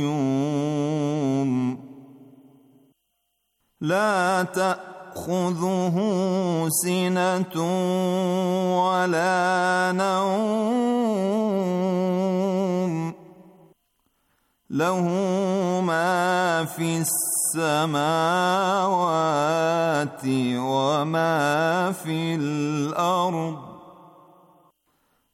يوم لا تأخذه سنة ولا نوم له ما في السماوات وما في الأرض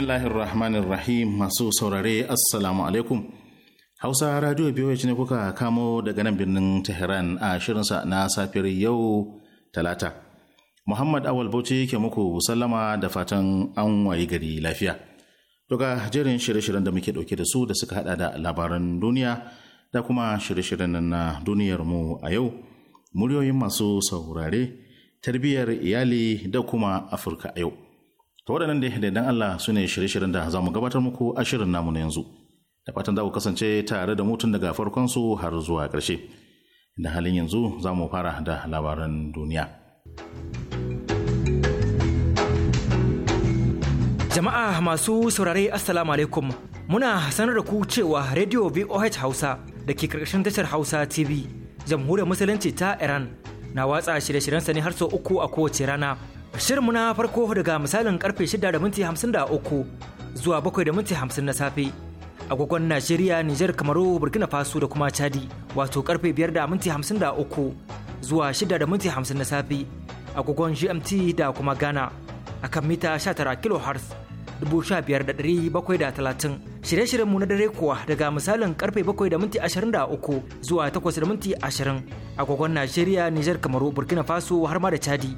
bismillahirrahmanirrahim rahim masu saurare assalamu alaikum hausa radio biyu ne kuka kamo daga nan birnin tehran a shirinsa na safiyar yau talata muhammad awal bauchi ke muku sallama da fatan an wayi gari lafiya daga jerin shirye-shiryen da muke dauke da su da suka hada da labaran duniya da kuma shirye-shiryen na duniyar mu a yau muryoyin masu saurare tarbiyyar iyali da kuma afirka a yau To waɗannan dai da dan Allah su ne shirye-shiryen da za mu gabatar muku a shirin namu na yanzu. Da fatan za ku kasance tare da mutun daga farkon su har zuwa ƙarshe. Da halin yanzu za mu fara da labaran duniya. Jama'a masu saurare Assalamu alaikum. Muna sanar da ku cewa Radio VOH Hausa da ke karkashin tashar Hausa TV, Jamhuriyar Musulunci ta Iran na watsa shirye-shiryensa ne har sau uku a kowace rana. Shirinmu na farko daga misalin karfe 6:53 da minti zuwa 7:50 da minti na safe. Agogon Najeriya, Nijar, Kamaru, Burkina Faso da kuma Chadi wato karfe 5:53 da minti zuwa 6:50 da minti na safe. Agogon GMT da kuma Ghana a kan mita 19 kHz 15730. shirye shirinmu na dare kuwa daga misalin karfe bakwai da minti uku zuwa takwas da minti 20 agogon Najeriya, Nijar, Kamaru, Burkina Faso har ma da Chadi.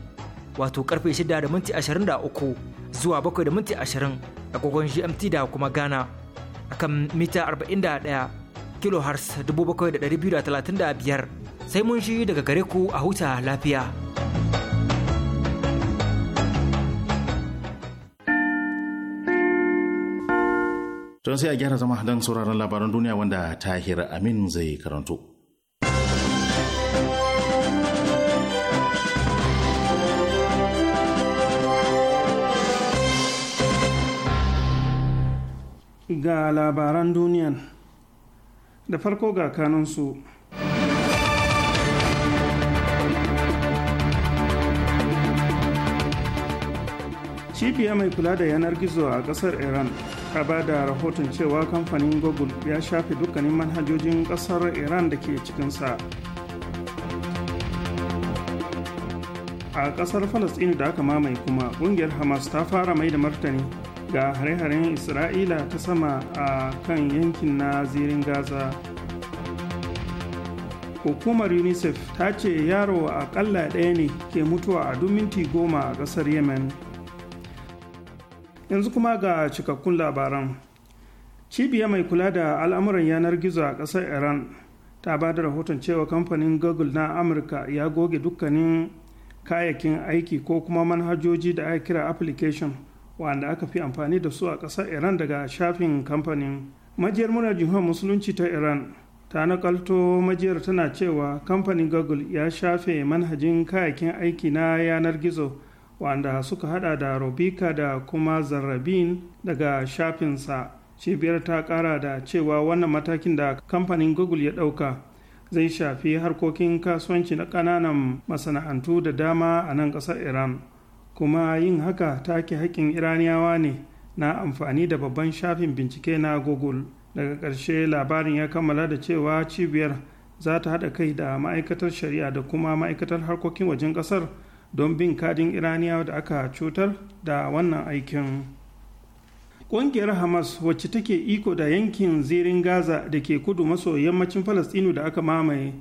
wato karfe 6:23 da minti zuwa 7:20 da minti agogon GMT da kuma Ghana a kan mita 41 kilohertz 7,235 sai mun shi daga gare ku a huta lafiya. Don sai a gyara zama don sauraron labaran duniya wanda Tahir Amin zai karanto. ga labaran duniyan da farko ga kanunsu cibiya mai kula da yanar gizo a kasar iran ta ba da rahoton cewa kamfanin google ya shafe dukkanin manhajojin kasar iran da ke cikinsa a kasar falasɗinu da aka mamaye kuma ƙungiyar hamas ta fara mai da martani ga hare-haren isra'ila ta sama a kan yankin na zirin gaza hukumar unicef ta ce yaro akalla ɗaya ne ke mutuwa a duk minti goma a ƙasar yemen yanzu kuma ga cikakkun labaran cibiya mai kula da al'amuran yanar gizo a ƙasar iran ta ba da rahoton cewa kamfanin google na amurka ya goge dukkanin kayakin aiki ko kuma manhajoji da aka kira application wanda aka fi amfani da su a ƙasar iran daga shafin kamfanin majiyar murar jihar musulunci ta iran ta nakalto majiyar tana cewa kamfanin google ya shafe manhajin kayakin aiki na yanar gizo wanda suka hada da robika da kuma zarrabin daga shafinsa cibiyar ta kara da cewa wannan matakin da kamfanin google ya dauka zai shafi harkokin kasuwanci na kananan masana'antu da dama a nan kasar iran kuma yin haka take haƙƙin iraniyawa ne na amfani da babban shafin bincike na google daga ƙarshe labarin ya kammala da cewa cibiyar za ta haɗa kai da ma'aikatar shari'a da kuma ma'aikatar harkokin wajen ƙasar don bin kadin iraniyawa da aka cutar da wannan aikin ƙungiyar hamas wacce take iko da yankin zirin gaza da ke kudu maso yammacin falastinu da aka mamaye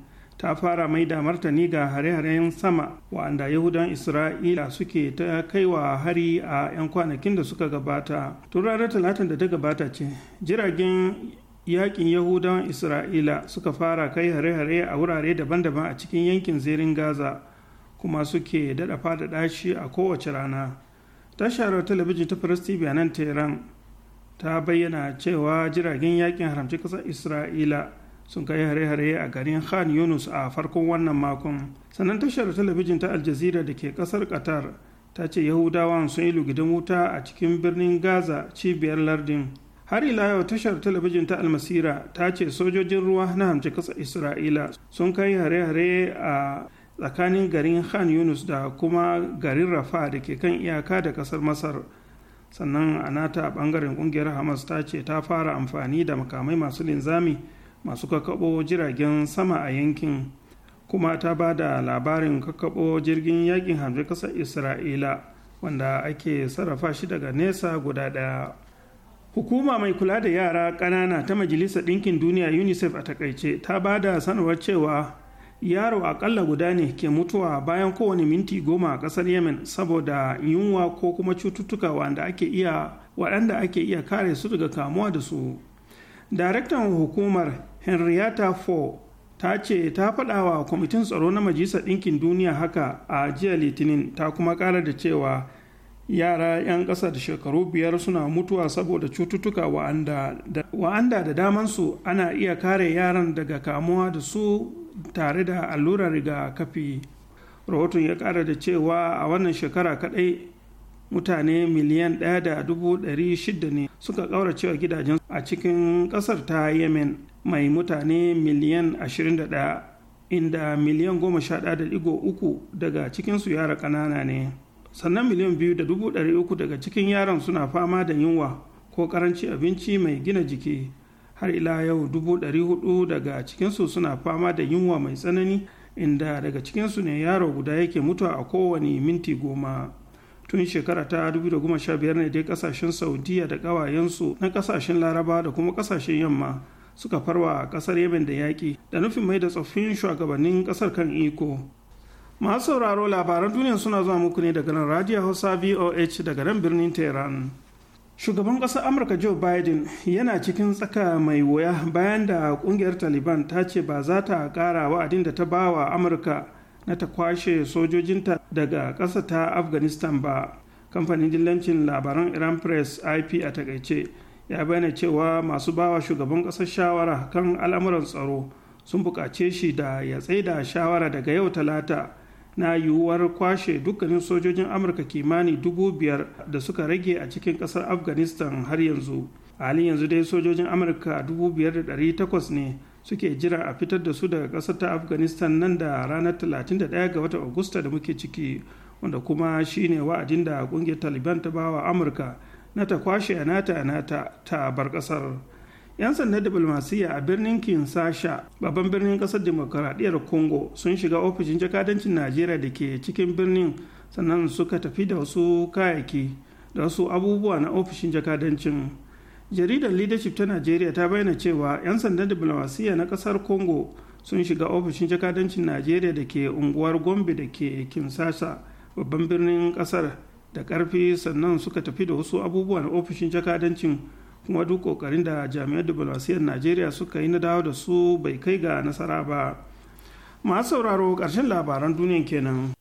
ta fara mai da martani ga hare-haren sama wa'anda yahudan isra'ila suke ta kaiwa hari a 'yan kwanakin da suka gabata tun ranar talatin da ta gabata ce jiragen yakin yahudan isra'ila suka fara kai hare-hare a wurare daban-daban a cikin yankin zirin gaza kuma suke daɗa faɗaɗa shi a kowace rana tashar talabijin ta firistibi a nan tehran ta bayyana cewa jiragen yakin haramci ƙasar isra'ila sun kai hare-hare a garin khan yunus a farkon wannan makon sannan tashar talabijin ta aljazira da ke kasar qatar ta ce yahudawa sun yi lugidan wuta a cikin birnin gaza cibiyar lardin har ila yau tashar talabijin ta almasira ta ce sojojin ruwa na hamci kasar isra'ila sun kai hare-hare a tsakanin garin khan yunus da kuma garin rafa da ke kan iyaka da kasar masar sannan a nata bangaren kungiyar hamas ta ce ta fara amfani da makamai masu linzami masu kakaɓo jiragen sama a yankin kuma ta ba da labarin kakaɓo jirgin yakin hamsin ƙasar isra'ila wanda ake sarrafa shi daga nesa guda ɗaya hukuma mai kula da yara ƙanana ta majalisar ɗinkin duniya unicef a takaice ta ba da sanarwar cewa yaro akalla guda ne ke mutuwa bayan kowane minti goma a ƙasar yemen saboda yunwa ko kuma cututtuka wanda ake iya waɗanda ake iya kare su daga kamuwa da su daraktan hukumar henrietta ford ta ce ta faɗa wa kwamitin tsaro na majalisar ɗinkin duniya haka a jiya litinin ta kuma ƙara da cewa yara 'yan ƙasa da shekaru biyar suna mutuwa saboda cututtuka wa'anda da damansu ana iya kare yaran daga kamuwa da su tare da allurar rigakafi rahoton ya ƙara da cewa a wannan shekara kaɗai mutane miliyan ɗaya da dubu ɗari shida ne suka ƙaura cewa gidajen a cikin ƙasar ta yemen mai mutane miliyan 21 inda miliyan 11.3 daga cikinsu yara ƙanana ne sannan miliyan 2.3 daga cikin yaran suna fama da yunwa ko karanci abinci mai gina jiki har ila yau 400 daga cikinsu suna fama da yunwa mai tsanani inda daga cikinsu ne yaro guda yake mutuwa a kowane minti goma tun shekara ta 2015 ne dai kasashen saudiya da ƙawayensu na kasashen laraba da kuma kasashen yamma suka farwa a kasar yemen da yaƙi da nufin mai da tsoffin shugabannin kasar kan iko masu sauraro labaran duniya suna zuwa muku ne daga nan radio hausa voh daga nan birnin tehran shugaban ƙasar amurka joe biden yana cikin tsaka mai wuya bayan da kungiyar taliban ta ce ba za ta kara wa'adin da ta ba wa amurka na ta kwashe sojojinta daga ƙasa ta afghanistan ba kamfanin dillancin labaran iran press ip a takaice ya bayyana cewa masu bawa shugaban ƙasar shawara kan al'amuran tsaro sun buƙace shi da ya tsaida shawara daga yau talata na yiwuwar kwashe dukkanin sojojin amurka kimani dubu biyar da suka rage a cikin ƙasar afghanistan har yanzu halin yanzu dai sojojin amurka dubu biyar da ɗari takwas ne suke jira a fitar da su daga ƙasar ta afghanistan nan da ranar 31 ga watan agusta da muke ciki wanda kuma shine wa'adin da ƙungiyar taliban ta bawa amurka na ta kwashe a nata a nata ta bar kasar yan sandan diplomasiya a birnin kinsasha babban birnin kasar demokaradiyyar congo sun shiga ofishin jakadancin najeriya da ke cikin birnin sannan suka tafi da wasu kayayyaki da wasu abubuwa na ofishin jakadancin jaridar leadership ta najeriya ta bayyana cewa 'yan sandan diplomasiya na kasar congo sun shiga ofishin jakadancin najeriya da ke unguwar gombe da ke kinsasa babban birnin kasar da ƙarfi sannan suka tafi da wasu abubuwa na ofishin jakadancin kuma duk ƙoƙarin da jami'ar diplomasiyar najeriya suka yi na dawo da su bai kai ga nasara ba masu sauraro ƙarshen labaran duniyan kenan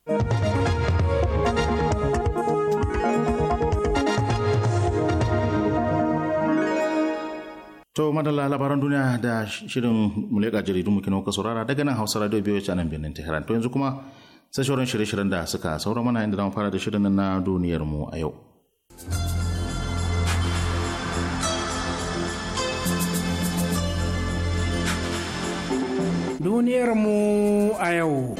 to madalla labaran duniya da shirin muleka jaridun na nan saurara daga nan hausa radio biyu a nan birnin tehran to yanzu kuma sai shauran shirye-shiryen da suka saura mana inda fara da shirin na duniyar mu a yau. Duniyar mu a yau.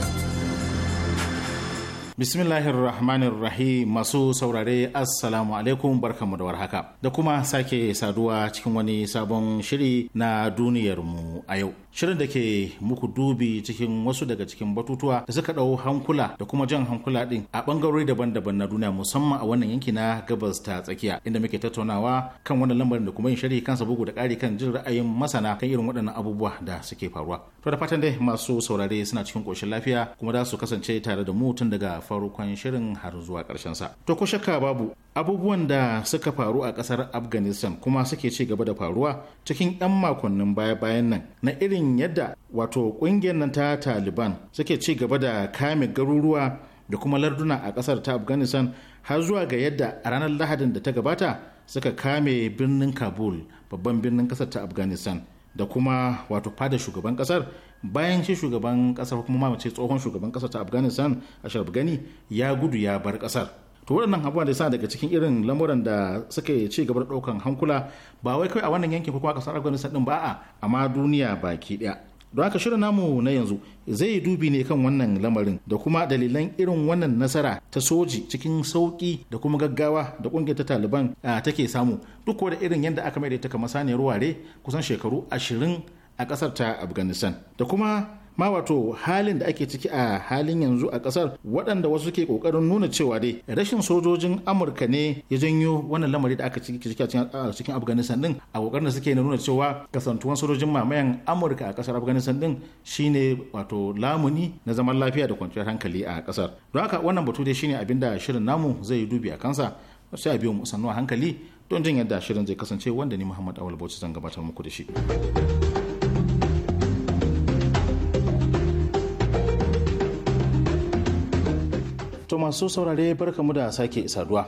Bismillahir Rahmanir Rahim masu saurare Assalamu alaikum barkamu da warhaka da kuma sake saduwa cikin wani sabon shiri na duniyar mu a yau. Shirin da ke muku dubi cikin wasu daga cikin batutuwa da suka ɗau hankula da kuma jan hankula ɗin a ɓangarori daban-daban na duniya musamman a wannan yanki na gabas ta tsakiya inda muke tattaunawa kan wannan lambarin da kuma yin shiri kansa bugu da ƙari kan jin ra'ayin masana kan irin waɗannan abubuwa da suke faruwa. To da fatan dai masu saurare suna cikin ƙoshin lafiya kuma za su kasance tare da mu tun daga farkon shirin har zuwa sa To ko shakka babu abubuwan da suka faru a ƙasar Afghanistan kuma suke ci gaba da faruwa cikin 'yan makonnin baya-bayan nan na irin yadda wato ƙungiyar nan ta Taliban suke ci gaba da kame garuruwa da kuma larduna a ƙasar ta Afghanistan har zuwa ga yadda a ranar Lahadin da ta gabata suka kame birnin Kabul babban birnin ƙasar ta Afghanistan da kuma wato fada shugaban ƙasar bayan shi shugaban kasar kuma ce tsohon shugaban kasar ta afghanistan ashraf gani ya gudu ya bar kasar to waɗannan abubuwa da sa daga cikin irin lamuran da suka ci gaba ɗaukan hankula ba wai kawai a wannan yankin kuma kasar afghanistan din ba a amma duniya baki ɗaya don haka shirin namu na yanzu zai dubi ne kan wannan lamarin da kuma dalilan irin wannan nasara ta soji cikin sauki da kuma gaggawa da kungiyar ta taliban take samu duk da irin yadda aka mai da ta kama saniyar ware kusan shekaru ashirin a ƙasar ta afghanistan da kuma ma wato halin da ake ciki a halin yanzu a kasar waɗanda wasu ke ƙoƙarin nuna cewa dai rashin sojojin amurka ne ya janyo wannan lamari da aka ciki a cikin afghanistan din a ƙoƙarin da suke nuna cewa kasantuwan sojojin mamayan amurka a kasar afghanistan din shine wato lamuni na zaman lafiya da kwanciyar hankali a kasar don haka wannan batu dai shine abinda shirin namu zai dubi a kansa sai a biyo mu sannu a hankali don jin yadda shirin zai kasance wanda ni muhammad awal bauchi zan gabatar muku da shi. to masu saurare barkamu da sake saduwa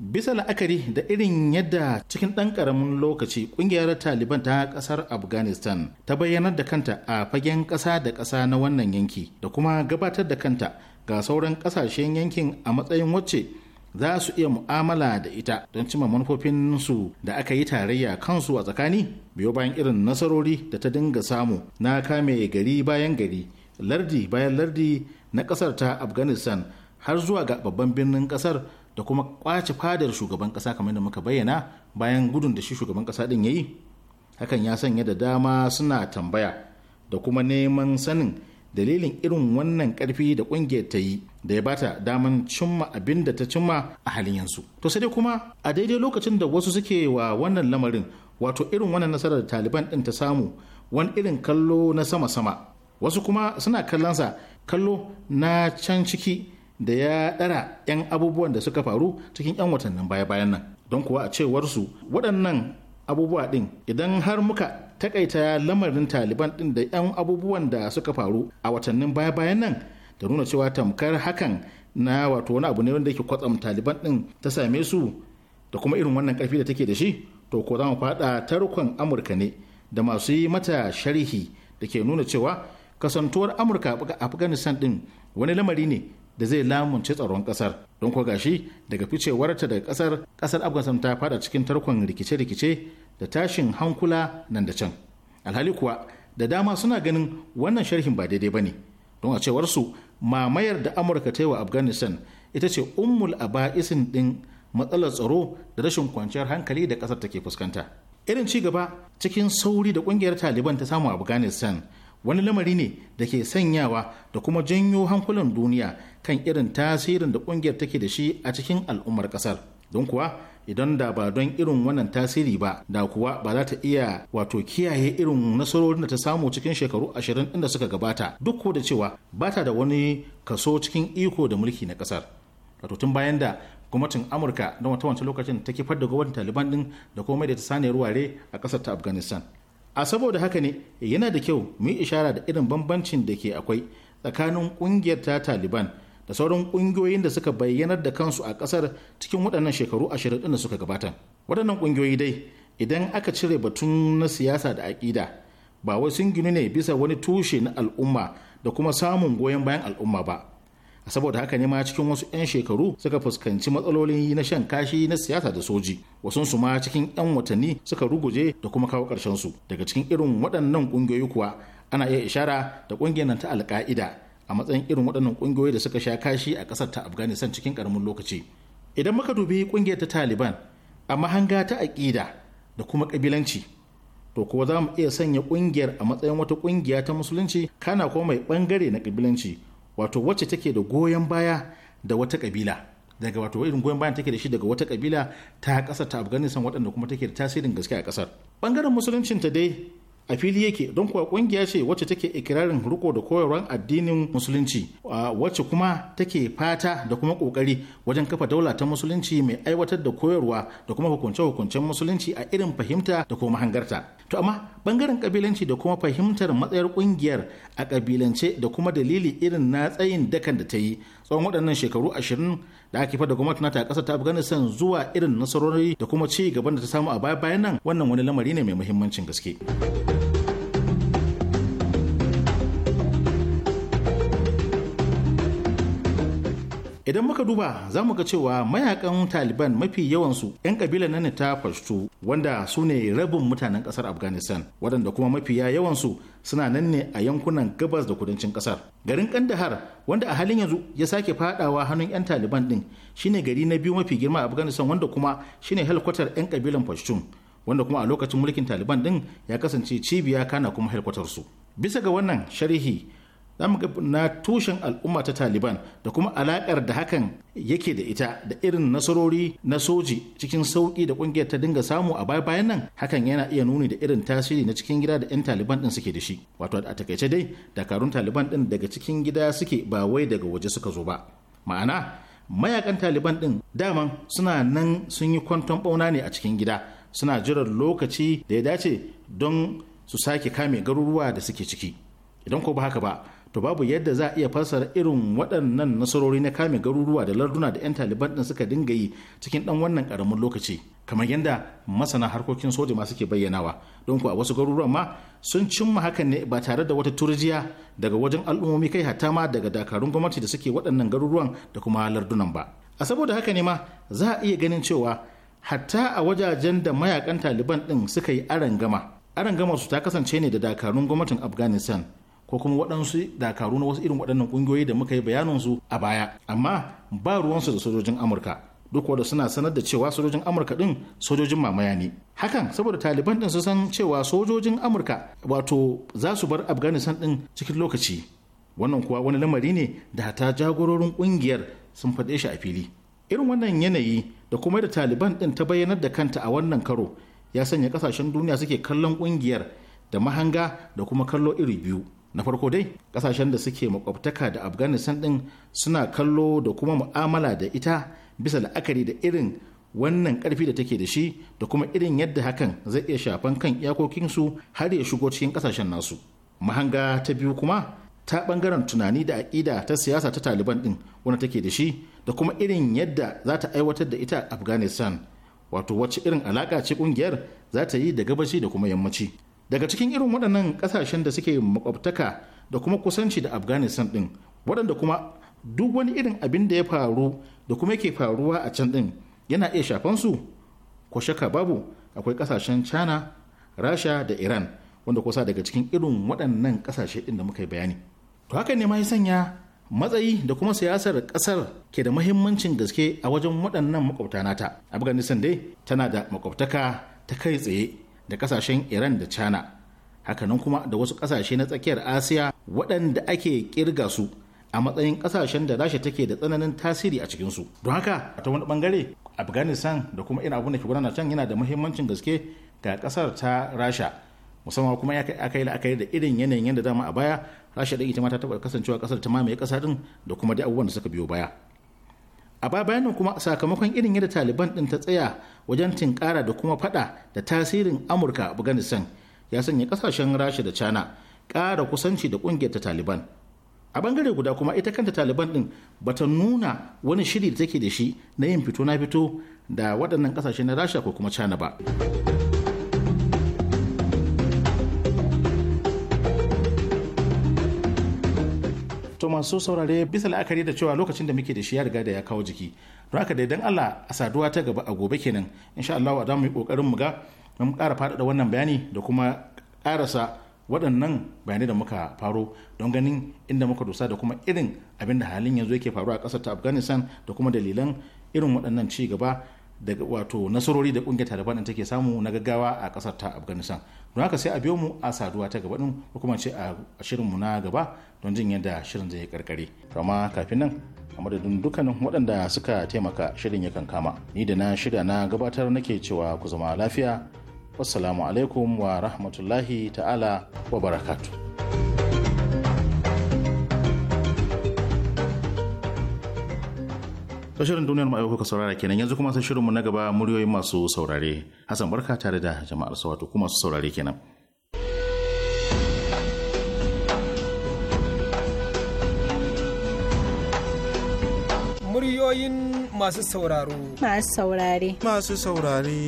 bisa la'akari da irin yadda cikin ɗan ƙaramin lokaci ƙungiyar taliban ta ƙasar afghanistan ta bayyanar da kanta a fagen ƙasa da ƙasa na wannan yanki da kuma gabatar da kanta ga sauran ƙasashen yankin a matsayin wacce za su iya mu'amala da ita don cimma su da aka yi tarayya kansu a tsakani biyo bayan irin nasarori da ta dinga samu na kame gari bayan gari lardi bayan lardi na ƙasar ta afghanistan har zuwa ga babban birnin kasar da kuma kwace fadar shugaban kasa kamar da muka bayyana bayan gudun da shi shugaban kasa din ya yi hakan ya sanya da dama suna tambaya da kuma neman sanin dalilin irin wannan karfi da kungiyar ta yi da ya bata daman cimma abin da ta cimma a halin yanzu to sai dai kuma a daidai lokacin da wasu suke wa wannan lamarin wato irin wannan nasarar taliban din ta samu wani irin kallo na sama-sama wasu kuma suna kallonsa kallo na can ciki da ya ɗara 'yan abubuwan da suka faru cikin 'yan watannin baya-bayan nan don kuwa a cewarsu waɗannan abubuwa ɗin idan har muka takaita lamarin taliban ɗin da 'yan abubuwan da suka faru a watannin baya-bayan nan da nuna cewa tamkar hakan na wato wani abu ne wanda yake kwatsam taliban ɗin ta same su da kuma irin wannan ƙarfi da take da shi to ko za mu faɗa tarkon amurka ne da masu yi mata sharhi da ke nuna cewa kasantuwar amurka a afghanistan ɗin wani lamari ne da zai lamunce tsaron kasar don kwagashi gashi daga ficewarta daga kasar kasar afghanistan ta fada cikin tarkon rikice-rikice da tashin hankula nan da can alhali kuwa da dama suna ganin wannan sharhin ba daidai ba ne don a cewar su mamayar da amurka ta yi wa afghanistan ita ce ummul aba'isin din matsalar tsaro da rashin kwanciyar hankali da kasar take fuskanta irin ci gaba cikin sauri da kungiyar taliban ta samu afghanistan wani lamari ne da ke sanyawa da kuma janyo hankulan duniya kan irin tasirin da kungiyar take da shi a cikin al'ummar kasar don kuwa idan da ba don irin wannan tasiri ba da kuwa ba za ta iya wato kiyaye irin nasarorin da ta samu cikin shekaru ashirin inda suka gabata duk da cewa ba ta da wani kaso cikin iko da mulki na kasar wato tun bayan da gwamnatin amurka don wata wancan lokacin ta kifar da gwamnatin taliban din da komai da ta saniyar ware a kasar ta afghanistan a saboda haka ne yana da kyau mu yi ishara da irin bambancin da ke akwai tsakanin kungiyar ta taliban da sauran kungiyoyin da suka bayyanar da kansu a kasar cikin waɗannan shekaru ashirin da suka gabata waɗannan kungiyoyi dai idan aka cire batun na siyasa da aƙida ba wai sun ginu ne bisa wani tushe na al'umma da kuma samun goyon bayan al'umma ba saboda haka ne ma cikin wasu 'yan shekaru suka fuskanci matsaloli na shan kashi na siyasa da soji wasu su ma cikin 'yan watanni suka ruguje da kuma kawo ƙarshen su daga cikin irin waɗannan ƙungiyoyi kuwa ana iya ishara da ƙungiyar ta alƙa'ida a matsayin irin waɗannan ƙungiyoyi da suka sha kashi a ƙasar ta afghanistan cikin ƙaramin lokaci idan muka dubi ƙungiyar ta taliban a mahanga ta aƙida da kuma ƙabilanci to kuwa za mu iya sanya ƙungiyar a matsayin wata ƙungiya ta musulunci kana kuma mai ɓangare na ƙabilanci wato wacce take da goyon baya da wata kabila daga wato irin goyon bayan take da shi daga wata kabila ta kasa ta afghanistan waɗanda kuma take da tasirin gaske a kasar bangaren musuluncin ta dai a fili yake don kuwa kungiya ce wacce take ikirarin riko da koyarwar addinin musulunci wacce kuma take fata da kuma kokari wajen kafa daula ta musulunci mai aiwatar da koyarwa da kuma hukunce-hukuncen musulunci a irin fahimta da kuma hangarta to amma bangaren kabilanci da kuma fahimtar matsayar kungiyar a kabilance da kuma dalili irin na tsayin dakan da ta yi tsawon waɗannan shekaru ashirin da aka fada gwamnati na ta ƙasa ta afghanistan zuwa irin nasarori da kuma ci gaban da ta samu a baya bayan nan wannan wani lamari ne mai muhimmancin gaske. idan muka duba za mu ga cewa mayakan taliban mafi yawansu 'yan kabilar na ta fashtu wanda su ne rabin mutanen kasar afghanistan wadanda kuma mafiya yawansu suna nan ne a yankunan gabas da kudancin kasar garin kandahar wanda a halin yanzu ya sake fadawa hannun 'yan taliban din shine gari na biyu mafi girma a afghanistan wanda kuma shine helikwatar 'yan kabilan fashtun wanda kuma a lokacin mulkin taliban din ya kasance cibiya kana kuma helikwatar su bisa ga wannan sharhi za mu ga na tushen al'umma ta taliban da kuma alakar da hakan yake da ita da irin nasarori na soji cikin sauki da kungiyar ta dinga samu a baya bayan nan hakan yana iya nuni da irin tasiri na cikin gida da 'yan taliban din suke da shi wato a takaice dai dakarun taliban din daga cikin gida suke ba wai daga waje suka zo ba ma'ana mayakan taliban din dama suna nan sun yi kwanton bauna ne a cikin gida suna jiran lokaci da ya dace don su sake kame garuruwa da suke ciki idan ko ba haka ba to babu yadda za a iya fassara irin waɗannan nasarori na kame garuruwa da larduna da 'yan taliban ɗin suka dinga yi cikin ɗan wannan ƙaramin lokaci kamar yadda masana harkokin soja ma suke bayyanawa don ku a wasu garuruwan ma sun cimma hakan ne ba tare da wata turjiya daga wajen al'ummomi kai hatta ma daga dakarun gwamnati da suke waɗannan garuruwan da kuma lardunan ba a saboda haka ne ma za a iya ganin cewa hatta a wajajen da mayakan taliban ɗin suka yi arangama arangamar su ta kasance ne da dakarun gwamnatin afghanistan ko kuma waɗansu dakaru na wasu irin waɗannan ƙungiyoyi da muka yi su a baya amma ba ruwansu da sojojin amurka duk wanda suna sanar da cewa sojojin amurka ɗin sojojin mamaya ne hakan saboda taliban din su san cewa sojojin amurka wato za su bar afghanistan ɗin cikin lokaci wannan kuwa wani lamari ne da hata jagororin ƙungiyar sun faɗe shi a fili irin wannan yanayi da kuma da taliban ɗin ta bayyanar da kanta a wannan karo ya sanya kasashen duniya suke kallon ƙungiyar da mahanga da kuma kallo iri biyu na farko dai kasashen da suke makwabtaka da afghanistan din suna kallo da kuma mu'amala da ita bisa la'akari da irin wannan karfi da take da shi da kuma irin yadda hakan zai iya shafan kan iyakokinsu har ya shigo cikin kasashen nasu mahanga ta biyu kuma ta bangaren tunani da aƙida ta siyasa ta taliban din wanda take da shi da kuma irin yadda za ta aiwatar da ita afghanistan wato wacce irin alaƙa ce ƙungiyar za ta yi da gabashi da kuma yammaci daga cikin irin waɗannan ƙasashen da suke makwabtaka da kuma kusanci da afghanistan ɗin waɗanda kuma duk wani irin abin da ya faru da kuma yake faruwa a can ɗin yana iya shafan su ko shaka babu akwai ƙasashen china rasha da iran wanda kusa daga cikin irin waɗannan ƙasashe ɗin da muka bayani to haka ne ma ya sanya matsayi da kuma siyasar ƙasar ke da mahimmancin gaske a wajen waɗannan makwabta nata afghanistan dai tana da makwabtaka ta kai tsaye da kasashen iran da china hakanan kuma da wasu kasashe na tsakiyar asiya waɗanda ake kirga su a matsayin kasashen da rasha take da tsananin tasiri a cikin su don haka a ta wani bangare afghanistan da kuma irin abun da ke gudana can yana da muhimmancin gaske ga kasar ta rasha musamman kuma aka yi la'akari da irin yanayin yadda dama a baya rasha da ita ma ta taɓa kasancewa kasar ta mamaye kasa ɗin da kuma da abubuwan da suka biyo baya a baya bayanin kuma sakamakon irin yadda taliban din ta tsaya wajen tinkara da kuma fada da tasirin amurka a afghanistan ya sanya kasashen rasha da china kara kusanci da kungiyar ta taliban a bangare guda kuma ita kanta taliban din bata nuna wani shiri da take da shi na yin fito na fito da waɗannan kasashe na rasha ko kuma china ba. masu saurare bisa la'akari da cewa lokacin da muke da shi ya riga da ya kawo jiki don haka dai don Allah a saduwa ta gaba a gobe kenan insha Allah za mu yi kokarin mu ga mun kara faɗaɗa wannan bayani da kuma karasa waɗannan bayanai da muka faro don ganin inda muka dosa da kuma irin abin da halin yanzu yake faruwa a ƙasar afghanistan da kuma dalilan irin waɗannan ci gaba da wato nasarori da ƙungiyar taliban take samu na gaggawa a ƙasar ta afghanistan don haka sai a biyo mu a saduwa ta gaba din ko kuma ce a shirinmu na gaba don jin yadda shirin zai karkare amma kafin nan a madadin dukkanin waɗanda suka taimaka shirin yakan kama ni da na shiga na gabatar nake cewa ku zama lafiya wassalamu alaikum wa rahmatullahi ta'ala wa barakatuh to shirin duniyar ma'aikata saurara kenan yanzu kuma sai shirinmu na gaba muryoyin masu saurare hassan barka tare da jama'ar sawatu kuma su saurare kenan muryoyin masu sauraro masu saurare masu saurare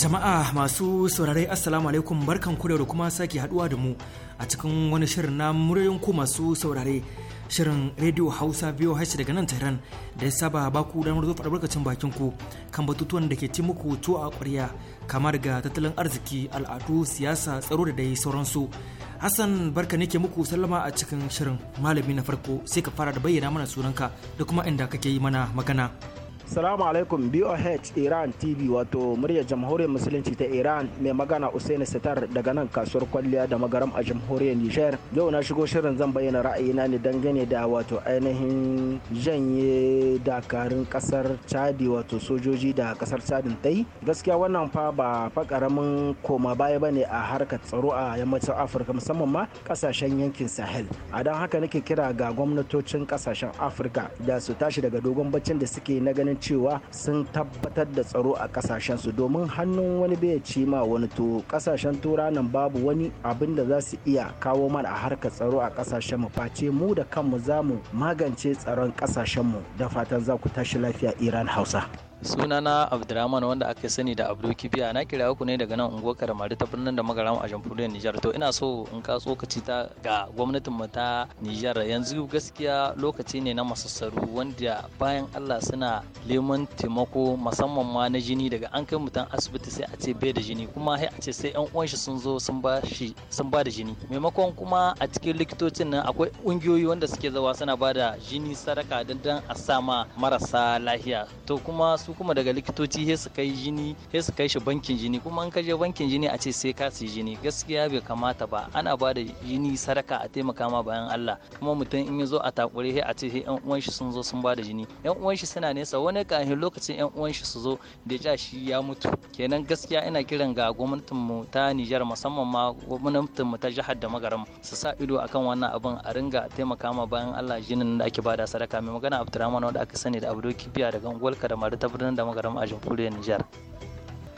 Jama'a masu saurare Assalamu alaikum barkan kure da kuma sake haduwa da mu a cikin wani shirin na muryoyin ku masu saurare shirin rediyo hausa biyu hashi daga nan tehran da ya saba baku damar zo albarkacin bakin ku kan batutuwan da ke ci muku tuwo a kwarya kamar ga tattalin arziki al'adu siyasa tsaro da dai sauransu hassan barka ne ke muku sallama a cikin shirin malami na farko sai ka fara da bayyana mana sunanka da kuma inda kake yi mana magana Salamu alaikum BOH Iran TV wato muryar jamhuriyar musulunci ta Iran mai magana Usaini Sitar daga nan kasuwar kwalliya da magaram a jamhuriyar Nijar. Yau na shigo shirin zan bayyana ra'ayina ne dangane da wato ainihin janye dakarun kasar Chadi wato sojoji da kasar Chadin tai. Gaskiya wannan fa ba fa karamin koma baya ba ne a harkar tsaro a yammacin Afirka musamman ma kasashen yankin Sahel. A don haka nake kira ga gwamnatocin kasashen Afirka da su tashi daga dogon baccin da suke na ganin cewa sun tabbatar da tsaro a kasashensu domin hannun wani bai ci ma wani to kasashen tura nan babu wani abin da za su iya kawo mana a harkar tsaro a kasashen mu face mu da kanmu za mu magance tsaron kasashen mu da fatan za ku tashi lafiya iran hausa sunana abdurrahman wanda aka sani da Abdul kibiya na kira ku ne daga nan unguwar karamari ta birnin da magaram a jamhuriyar nijar to ina so in ka tsokaci ta ga gwamnatin mu ta nijar yanzu gaskiya lokaci ne na masassaru wanda bayan allah suna neman taimako musamman ma na jini daga an kai mutum asibiti sai a ce bai da jini kuma sai a ce sai yan uwan shi sun zo sun ba shi sun ba da jini maimakon kuma a cikin likitocin nan akwai ƙungiyoyi wanda suke zawa suna ba da jini sadaka, don a sa ma marasa lahiya? to kuma su su kuma daga likitoci sai su kai jini sai su kai shi bankin jini kuma an je bankin jini a ce sai ka su jini gaskiya bai kamata ba ana ba da jini saraka a taimaka ma bayan Allah kuma mutum in ya zo a takure sai a ce sai yan uwan shi sun zo sun ba da jini yan uwan shi suna nesa wani kahin lokacin yan uwan shi su zo da ja shi ya mutu kenan gaskiya ina kiran ga gwamnatin mu ta Nijar musamman ma gwamnatin mu ta jihar da magaram su sa ido akan wannan abin a ringa taimaka ma bayan Allah jinin da ake bada saraka mai magana Abdurrahman wanda aka sani da Abdul Kibiya daga Ungwalka da ta birnin da magaram a jamhuriyar Nijar.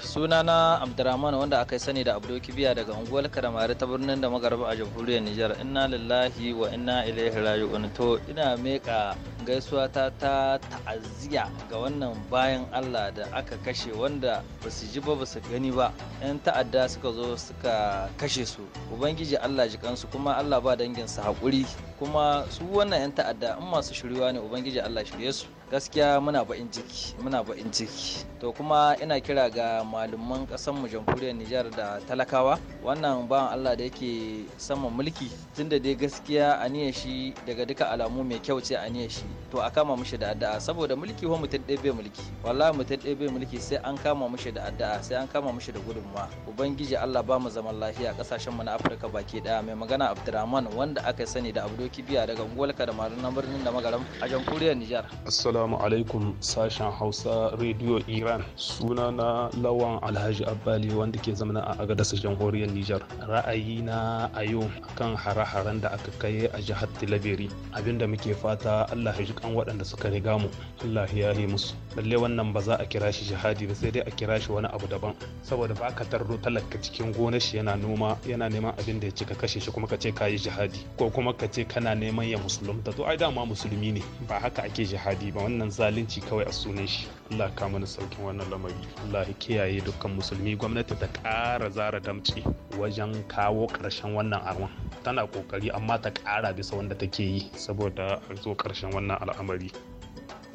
sunana abdurrahman wanda aka sani da abdul kibiya daga unguwar karamari ta birnin da magaram a jamhuriyar nijar inna lillahi wa inna ilaihi raji'un to ina meka gaisuwa ta ta ta'aziyya ga wannan bayan allah da aka kashe wanda ba su ji ba ba su gani ba yan ta'adda suka zo suka kashe su ubangiji allah ji kansu kuma allah ba dangin su hakuri. kuma su wannan 'yan ta'adda in masu shiryuwa ne ubangiji allah shirye su gaskiya muna ba'in ciki muna ba'in ciki to kuma ina kira ga malaman ƙasar mu jamhuriyar nijar da talakawa wannan bawan allah da yake sama mulki tunda dai gaskiya aniyar shi daga duka alamu mai kyau ce aniyar shi to a kama mishi da addu'a saboda mulki ho mutum ɗaya bai mulki wallahi mutum ɗaya bai mulki sai an kama mishi da addu'a sai an kama mishi da gudunmawa ubangiji allah ba mu zaman lafiya ƙasashen mu na afirka baki ɗaya mai magana abdurrahman wanda aka sani da abdul kibiya daga unguwar kadamaru na birnin da magaram a jamhuriyar nijar assalamu alaikum sashen hausa radio iran suna na lawan alhaji abbali wanda ke zamana a agadasa jamhuriyar nijar ra'ayi na a yau kan hare-haren da aka kai a jihar tilaberi abinda muke fata allah ya ji kan waɗanda suka riga mu allah ya yi musu lalle wannan ba za a kira shi jihadi ba sai dai a kira shi wani abu daban saboda ba ka tarro talaka cikin gonar shi yana noma yana neman abin da ya cika kashe shi kuma ka ce ka yi jihadi ko kuma ka ce ka kana neman ya musulunta to ai dama musulmi ne ba haka ake jihadi ba wannan zalunci kawai a sunan shi Allah ka mana saukin wannan lamari Allah ya kiyaye dukkan musulmi gwamnati ta ƙara zara damci wajen kawo ƙarshen wannan arwan tana ƙoƙari amma ta ƙara bisa wanda take yi saboda a zo ƙarshen wannan al'amari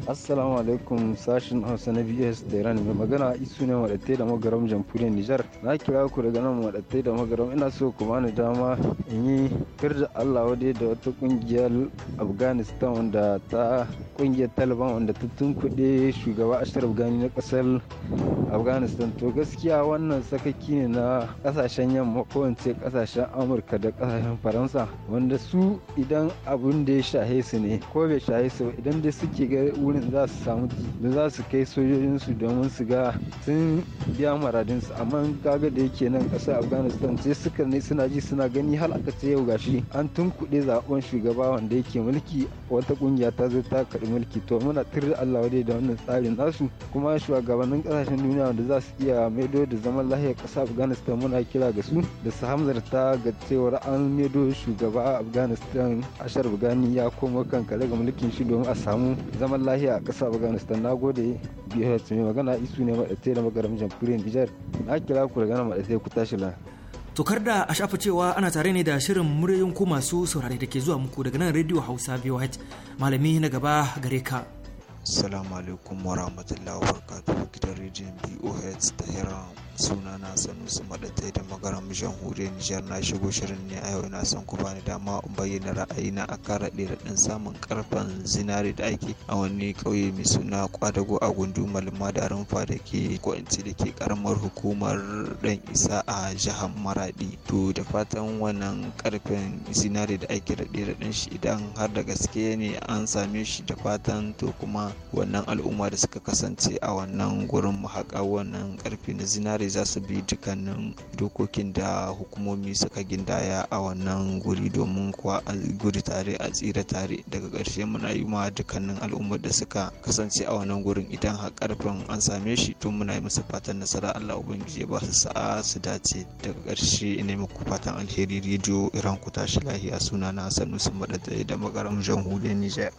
assalamu alaikum sashen hausa na bs iran mai magana isu ne wadatai da magaram jamhuriyar nijar na kira ku daga nan wadatai da magaram ina so kuma ni dama in yi da allah wadai da wata kungiyar afghanistan wanda ta kungiyar taliban wanda ta tunkuɗe shugaba ashraf gani na ƙasar afghanistan to gaskiya wannan sakaki ne na ƙasashen yamma ko in ce ƙasashen amurka da ƙasashen faransa wanda su idan abun da ya shahe su ne ko bai shahe su idan dai suke ga wurin za su samu da za su kai sojojinsu domin su ga sun biya maradinsu amma kaga da yake nan ƙasar afghanistan sai suka ne suna ji suna gani hal aka ce yau gashi an tun kuɗe zaɓen shugaba wanda yake mulki wata ƙungiya ta zo ta karɓi mulki to muna tirar allah wadai da wannan tsarin nasu kuma shugabannin ƙasashen duniya wanda za su iya maido da zaman lahiyar ƙasar afghanistan muna kira ga su da su hamzarta ga cewar an maido shugaba afghanistan ashar bugani ya koma kankare ga mulkin shi domin a samu zaman lahiya lahiya a ƙasa afghanistan na gode da mai magana isu ne maɗatai da magaram jamhuriyar nijar na kira ku daga maɗatai ku tashi la. tokar da a shafa cewa ana tare ne da shirin muryoyin ku masu saurare da ke zuwa muku daga nan rediyo hausa voh malami na gaba gare ka. Assalamu alaikum wa rahmatullahi wa barakatuhu gidan rediyon BOH ta hira sunana sanusi maɗatai da magaram hure nijar na shigo shirin ne a yau ina son ku bani dama in bayyana ra'ayi na kan raɗe raɗin samun karfen zinare da ake a wani ƙauye mai suna kwadago a gundumar madarin da ke kwanci da ke karamar hukumar ɗan isa a jihar maraɗi to da fatan wannan karfen zinare da ake raɗe raɗin shi idan har da gaske ne an same shi da fatan to kuma wannan al'umma da suka kasance a wannan gurin haƙa wannan karfe na zinare dai za su bi dukkanin dokokin da hukumomi suka gindaya a wannan guri domin kuwa a guri tare a tsira tare daga ƙarshe muna yi ma dukkanin al'ummar da suka kasance a wannan gurin idan har ƙarfin an same shi to muna yi musu fatan nasara Allah ubangiji ya ba su sa'a su dace daga ƙarshe ina muku fatan alheri rediyo iran ku tashi lahiya sunana sanusi madadai da magaram jamhuriyar Nijar.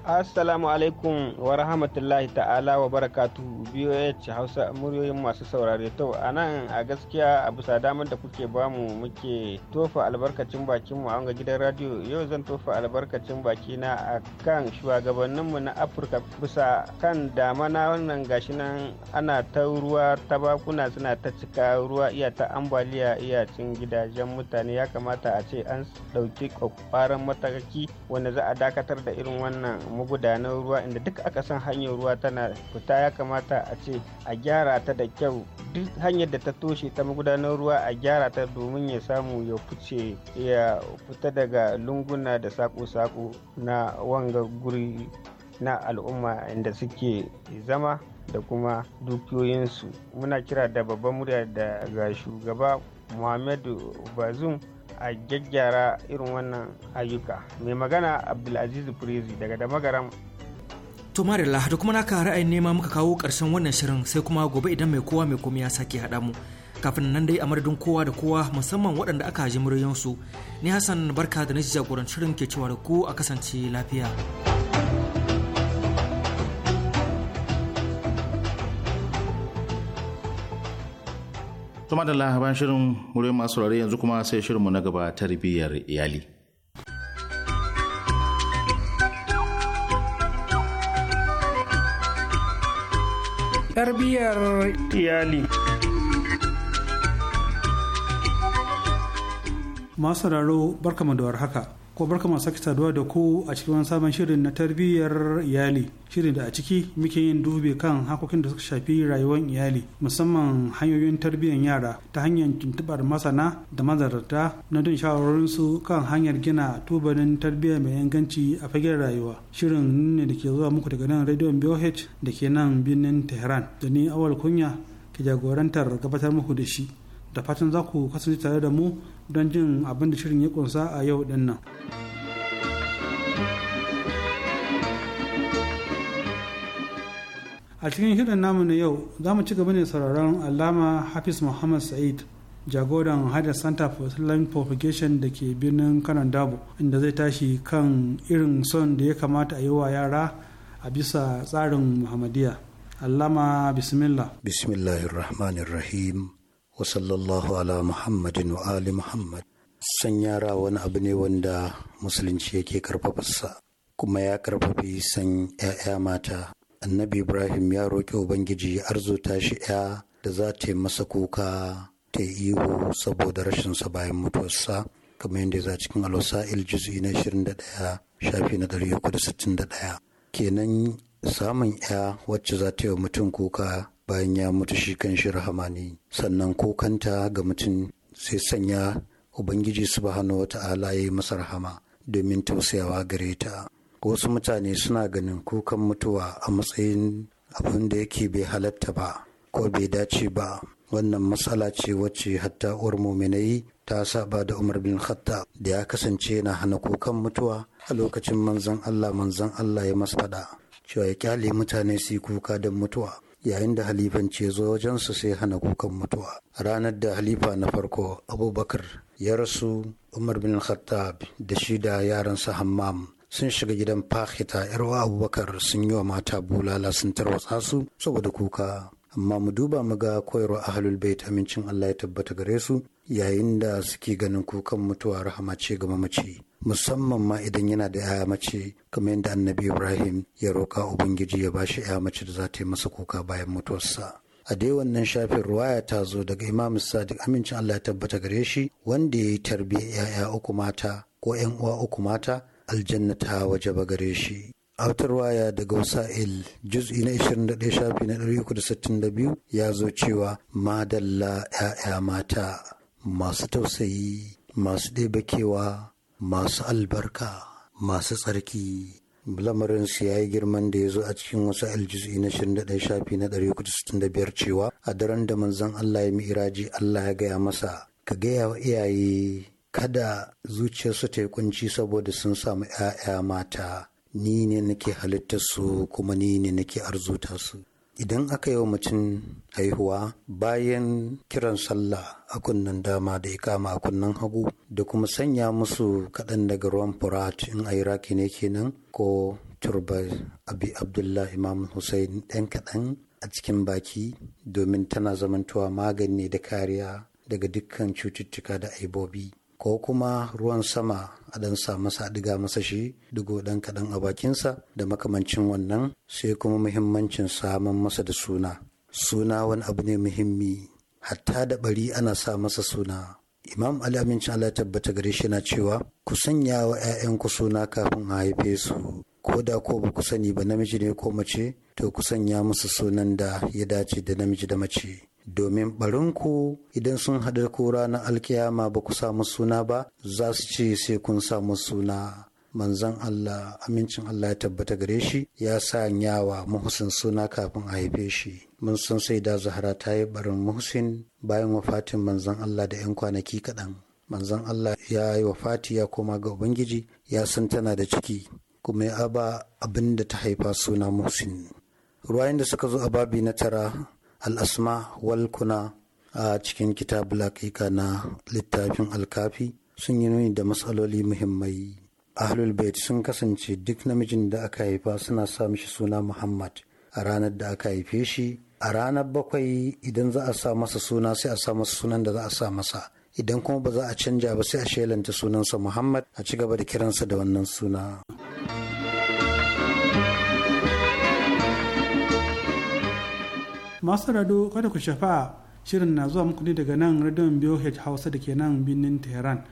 Assalamu alaikum wa rahmatullahi ta'ala wa barakatu BOH Hausa muryoyin masu saurare to a nan a gaskiya a bisa damar da kuke bamu muke tofa albarkacin bakin mu a gidan radio yau zan tofa albarkacin baki na akan shugabanninmu na Afirka bisa kan dama na wannan gashi nan ana ta ruwa ta bakuna suna ta cika ruwa iya ta ambaliya iya cin gidajen mutane ya kamata a ce an dauki kokarin mataki wanda za a dakatar da irin wannan magudanar ruwa inda duk aka san hanyar ruwa tana fita ya kamata a ce a gyara ta da kyau duk hanyar da ta toshe ta magudanar ruwa a gyara ta domin ya samu ya fice ya fita daga lunguna da sako-sako na wanga guri na al'umma inda suke zama da kuma dukiyoyinsu muna kira da babban murya daga shugaba muhammadu bazum a gyaggyara irin wannan ayyuka mai magana abdulaziz prezi daga damagaram to marilla da kuma naka ra'ayin nema muka kawo karshen wannan shirin sai kuma gobe idan mai kowa mai komai ya sake haɗa mu kafin nan dai a madadin kowa da kowa musamman waɗanda aka ji muryansu ni hassan barka da na jagorancin shirin ke cewa da ku a kasance lafiya. Kuma da lahaban shirin wurin masu rari yanzu kuma sai shirinmu na gaba tarbiyyar iyali. Tarbiyyar iyali. Masu raro barkamu da warhaka. ko barka masu sake saduwa da ku a cikin wani sabon shirin na tarbiyyar iyali shirin da a ciki muke yin dubi kan hakokin da suka shafi rayuwar iyali musamman hanyoyin tarbiyyar yara ta hanyar tuntubar masana da mazarta na don su kan hanyar gina tubalin tarbiyya mai inganci a fagen rayuwa shirin ne da ke zuwa muku daga nan rediyon boh da ke nan birnin tehran da ni awal kunya ke jagorantar gabatar muku da shi da fatan za ku kasance tare da mu don jin abin da shirin ya kunsa a yau din nan. a cikin shirin namu na yau za mu ci gaba ne sauraron alama hafiz muhammad sa'id jagoran hada center for islamic propagation da ke birnin kanan dabo inda zai tashi kan irin son da ya kamata a yi wa yara a bisa tsarin Muhammadiyya. allama bismillah bismillahirrahmanirrahim wa sallallahu ala muhammadin wa ali muhammad san yara wani abu ne wanda musulunci yake sa kuma ya karfafi san 'ya'ya mata annabi ibrahim ya roƙi ubangiji arzuta shi 'ya da za ta yi masa kuka ta yi ihu saboda rashinsa bayan mutuwarsa kamar yadda za cikin alwasa'il juz'i na 21 shafi na 361 kenan samun 'ya wacce za ta yi mutum kuka bayan ya mutu shi kan shi rahama ne, sannan kokanta ga mutum sai sanya ubangiji su wata hannu ya yi masa rahama domin tausayawa gare ta wasu mutane suna ganin kukan mutuwa a matsayin abin da yake bai halatta ba ko bai dace ba wannan matsala ce wacce hatta uwar muminai ta saba da umar bin hatta da ya kasance yana hana kukan mutuwa a lokacin manzon allah manzon allah ya masa faɗa. cewa ya kyale mutane su yi kuka don mutuwa yayin da halifance zo wajensu sai hana kukan mutuwa ranar da halifa na farko abubakar ya rasu umar bin khattab da shi da yaransa hammam sun shiga gidan fahita yarwa abubakar sun yi wa mata bulala sun tarwatsa su saboda kuka amma mu duba mu ga koyarwa ahlul bait amincin allah ya tabbata gare su yayin da suke ganin kukan mutuwa rahama ce ga mamaci musamman ma idan yana da ya mace kamar yadda annabi ibrahim ya roƙa ubangiji ya ba shi ya mace da za ta yi masa kuka bayan mutuwarsa a dai wannan shafin ruwaya ta zo daga imam sadiq amincin allah ya tabbata gare shi wanda ya yi tarbiyyar ya'ya uku mata ko yan uwa uku mata aljanna ta ba gare shi autar waya daga wasa'il juz'i na 21 shafi na 362 ya zo cewa madalla 'ya'ya mata masu tausayi masu ɗebakewa masu albarka masu tsarki Lamarin su ya yi girman da ya zo a cikin wasu aljiz'i na 21 shafi na biyar cewa a daren da manzon Allah ya mi'iraji Allah ya gaya masa ka gaya wa iyaye kada zuciyarsu ta yi kunci saboda sun samu 'ya'ya mata ni ne nake halittar su kuma ni ne nake arzuta su idan aka yi wa mutum haihuwa bayan kiran sallah a kunnen dama da ikama a kunnen hagu da kuma sanya musu kaɗan daga ruwan furat in a iraki ne kenan ko turba abi abdullahi imam hussein ɗan kaɗan a cikin baki domin tana zamantowa magani da kariya daga dukkan cututtuka da aibobi ko kuma ruwan sama a dan sa masa diga masa shi digo dan kaɗan a bakinsa da makamancin wannan sai kuma muhimmancin saman masa da suna suna wani abu ne muhimmi hatta da bari ana sa masa suna imam ali amincin allah tabbata gare shi na cewa ku sanya wa 'ya'yanku suna kafin a haife su ko da ko ba ku sani ba namiji ne ko mace to ku sanya musu sunan da ya dace da namiji da mace domin barinku idan sun haɗar ko ranar alkiyama ba ku samu suna ba za su ce sai kun samu suna manzan Allah amincin Allah ya tabbata gare shi ya sanya wa Muhsin suna kafin a haife shi mun san sai da Zahra ta yi barin Muhsin bayan wafatin manzon Allah da 'yan kwanaki kaɗan manzon Allah ya yi wafati ya koma ga Ubangiji ya san tana da ciki kuma ya ba abin da ta haifa suna Muhsin ruwayin da suka zo a babi na tara al'asma walkuna a cikin kitab laƙiƙa na littafin alkafi sun yi nuni da matsaloli muhimmai ahlul bait sun kasance duk namijin da aka haifa suna sa mishi suna muhammad a ranar da aka haife shi a ranar bakwai idan za a sa masa suna sai a sa masa sunan da za a sa masa idan kuma ba za a canja ba sai a shelanta sunansa muhammad a ci gaba da kiransa da wannan suna. masu rado kada ku shafa shirin na zuwa muku ne daga nan biyo h Hausa da ke nan birnin Tehran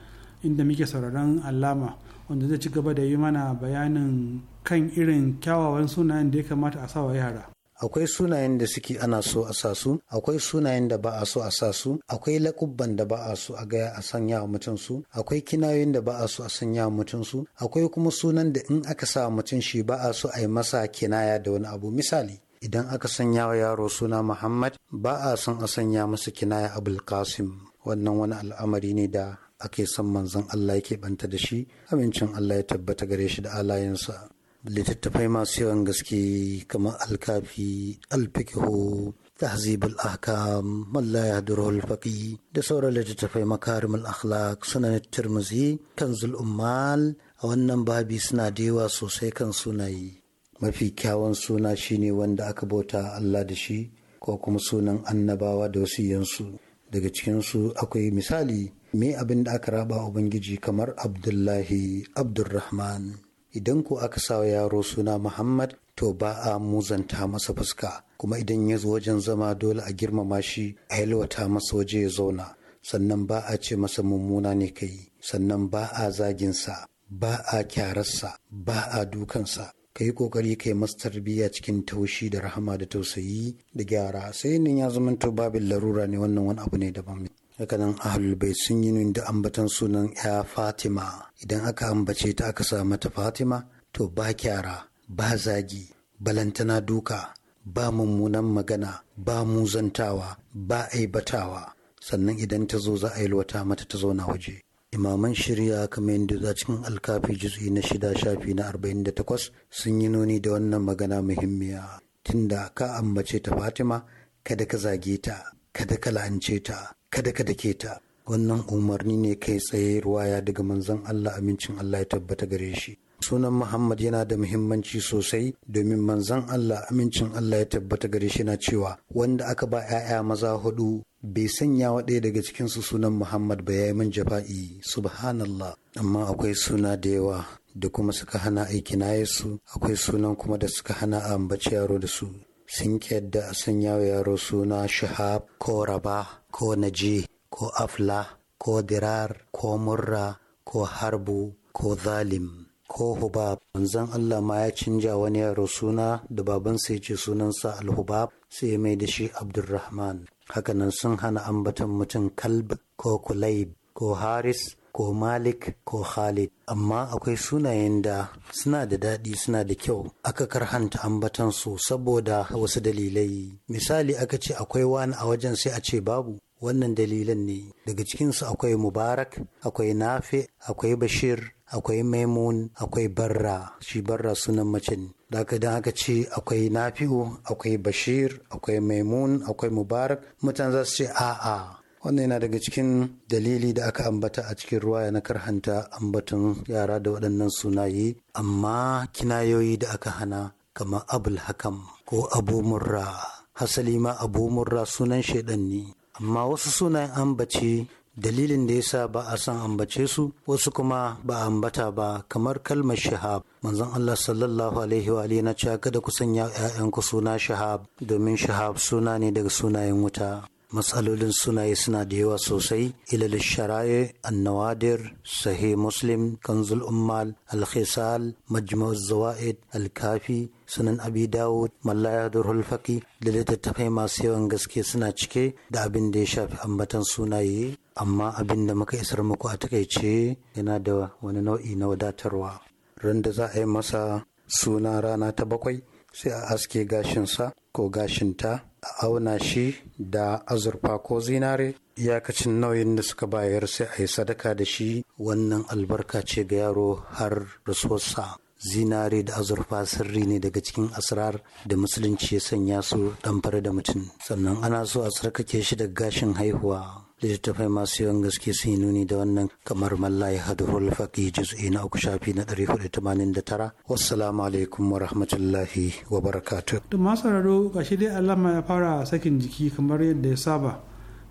inda muke sauraron alama wanda zai ci gaba da yi mana bayanin kan irin kyawawan sunayen da ya kamata a sawa yara. akwai sunayen da suke ana so a sa su akwai sunayen da ba a so a sa su akwai lakubban da ba a so a gaya a sanya wa mutum su akwai kinayoyin da ba a so a sanya wa mutum su akwai kuma sunan da in aka sa mutum shi ba a so a yi masa kinaya da wani abu misali idan aka sanya wa yaro suna muhammad ba a son a sanya masa kinaya abul qasim wannan wani al'amari ne da ake son manzon allah yake banta da shi amincin allah ya tabbata gare shi da alayensa littattafai masu yawan gaske kamar alkafi alfikihu تهذيب الأحكام من لا يهدره الفقيه da sauran littattafai makarimul akhlaq sunan Turmuzi kan Zul'ummal. a wannan babi suna da yawa sosai kan sunayi mafi kyawun suna shine wanda aka bauta Allah da shi ko kuma sunan annabawa da wasiyansu daga cikinsu akwai misali me abin da aka raba ubangiji kamar abdullahi abdurrahman idan ko aka sawa yaro suna muhammad to ba a muzanta masa fuska kuma idan ya zo wajen zama dole a girmama shi a yalwata masa waje ya zauna sannan ba a ce masa mummuna ne kai sannan ba a zaginsa ba a kyararsa ba a dukansa ka yi kokari kai masu tarbiyya cikin taushi da rahama da tausayi da gyara sai nan ya zama to babin larura ne wannan wani abu ne daban hakanan ahlul bai sun yi nuni da ambatan sunan ya fatima idan aka ambace ta aka sa mata fatima to ba kyara ba zagi balantana duka ba mummunan magana ba muzantawa ba aibatawa sannan idan ta zo za a yi lwata mata ta zauna waje imaman shirya kamar yadda za cikin alkafi juzi na shida shafi na arba'in da takwas sun yi nuni da wannan magana muhimmiya tunda ka ambace ta fatima kada ka zage ta kada ka la'ance ta kada ka dake ta wannan umarni ne kai tsaye ruwaya daga manzon allah amincin allah ya tabbata gare shi sunan Muhammad yana da muhimmanci sosai domin manzon Allah amincin Allah ya tabbata gare shi na cewa wanda aka ba ‘ya'ya maza hudu bai sanya wa ɗaya daga cikinsu sunan Muhammad ba ya yi min jafa'i subhanallah amma akwai suna da yawa da kuma suka hana aiki na Yesu akwai sunan kuma da suka hana a ambaci yaro da su sun yadda a sanya wa yaro suna shahab ko raba ko naji ko afla ko dirar ko murra ko harbu ko zalim ko hubab manzon Allah ma ya canja wani yaro suna da babansa ya ce sunansa alhubab sai ya mai da shi abdulrahman hakanan sun hana ambaton mutum kalb ko kulaib ko haris ko malik ko khalid amma akwai sunayen da suna da daɗi suna da kyau aka karhanta ambaton su saboda wasu dalilai misali aka ce akwai wani a wajen sai a ce babu wannan dalilan ne daga cikinsu akwai mubarak akwai nafi akwai bashir akwai maimun akwai barra shi barra sunan mace ne da dan aka ce akwai nafi'u akwai bashir akwai maimun akwai mubarak mutane za su ce a'a wannan yana daga cikin dalili da aka ambata a cikin ruwa ya na karhanta ambatun yara da waɗannan sunaye amma kinayoyi da aka hana kamar abul hakam ko abu murra hasali ma abu murra sunan shaidan ne amma wasu sunayen ambaci dalilin da yasa ba a san ambace su wasu kuma ba a ambata ba kamar kalmar shahab manzon Allah sallallahu alaihi wa alihi na cewa kada ku sanya 'ya'yanku suna shahab domin shahab suna ne daga sunayen wuta matsalolin sunaye suna da yawa sosai ilal sharaye annawadir sahih muslim kanzul ummal alkhisal majmu'uz zawaid alkafi sunan abi dawud mallaya durhul faki da littattafai masu yawan gaske suna cike da abin da ya shafi ambatan sunaye amma abin da muka isar muku a takaice yana da wani nau'i na wadatarwa Randa za a yi masa suna rana ta bakwai sai a aske gashinsa ko gashinta a auna shi da azurfa ko zinare iyakacin nauyin da suka bayar sai a yi sadaka da shi wannan albarka ce ga yaro har rasuwarsa zinare da azurfa sirri ne daga cikin asrar da musulunci ya sanya su damfare da mutum sannan ana so a tsarkake shi daga gashin haihuwa littattafai masu yawan gaske sun yi nuni da wannan kamar mallaye hadurul faƙi juz'i na uku shafi na ɗari tamanin da tara wassalamu alaikum wa rahmatullahi wa barakatu. da masu sauraro gashi dai alama ya fara sakin jiki kamar yadda ya saba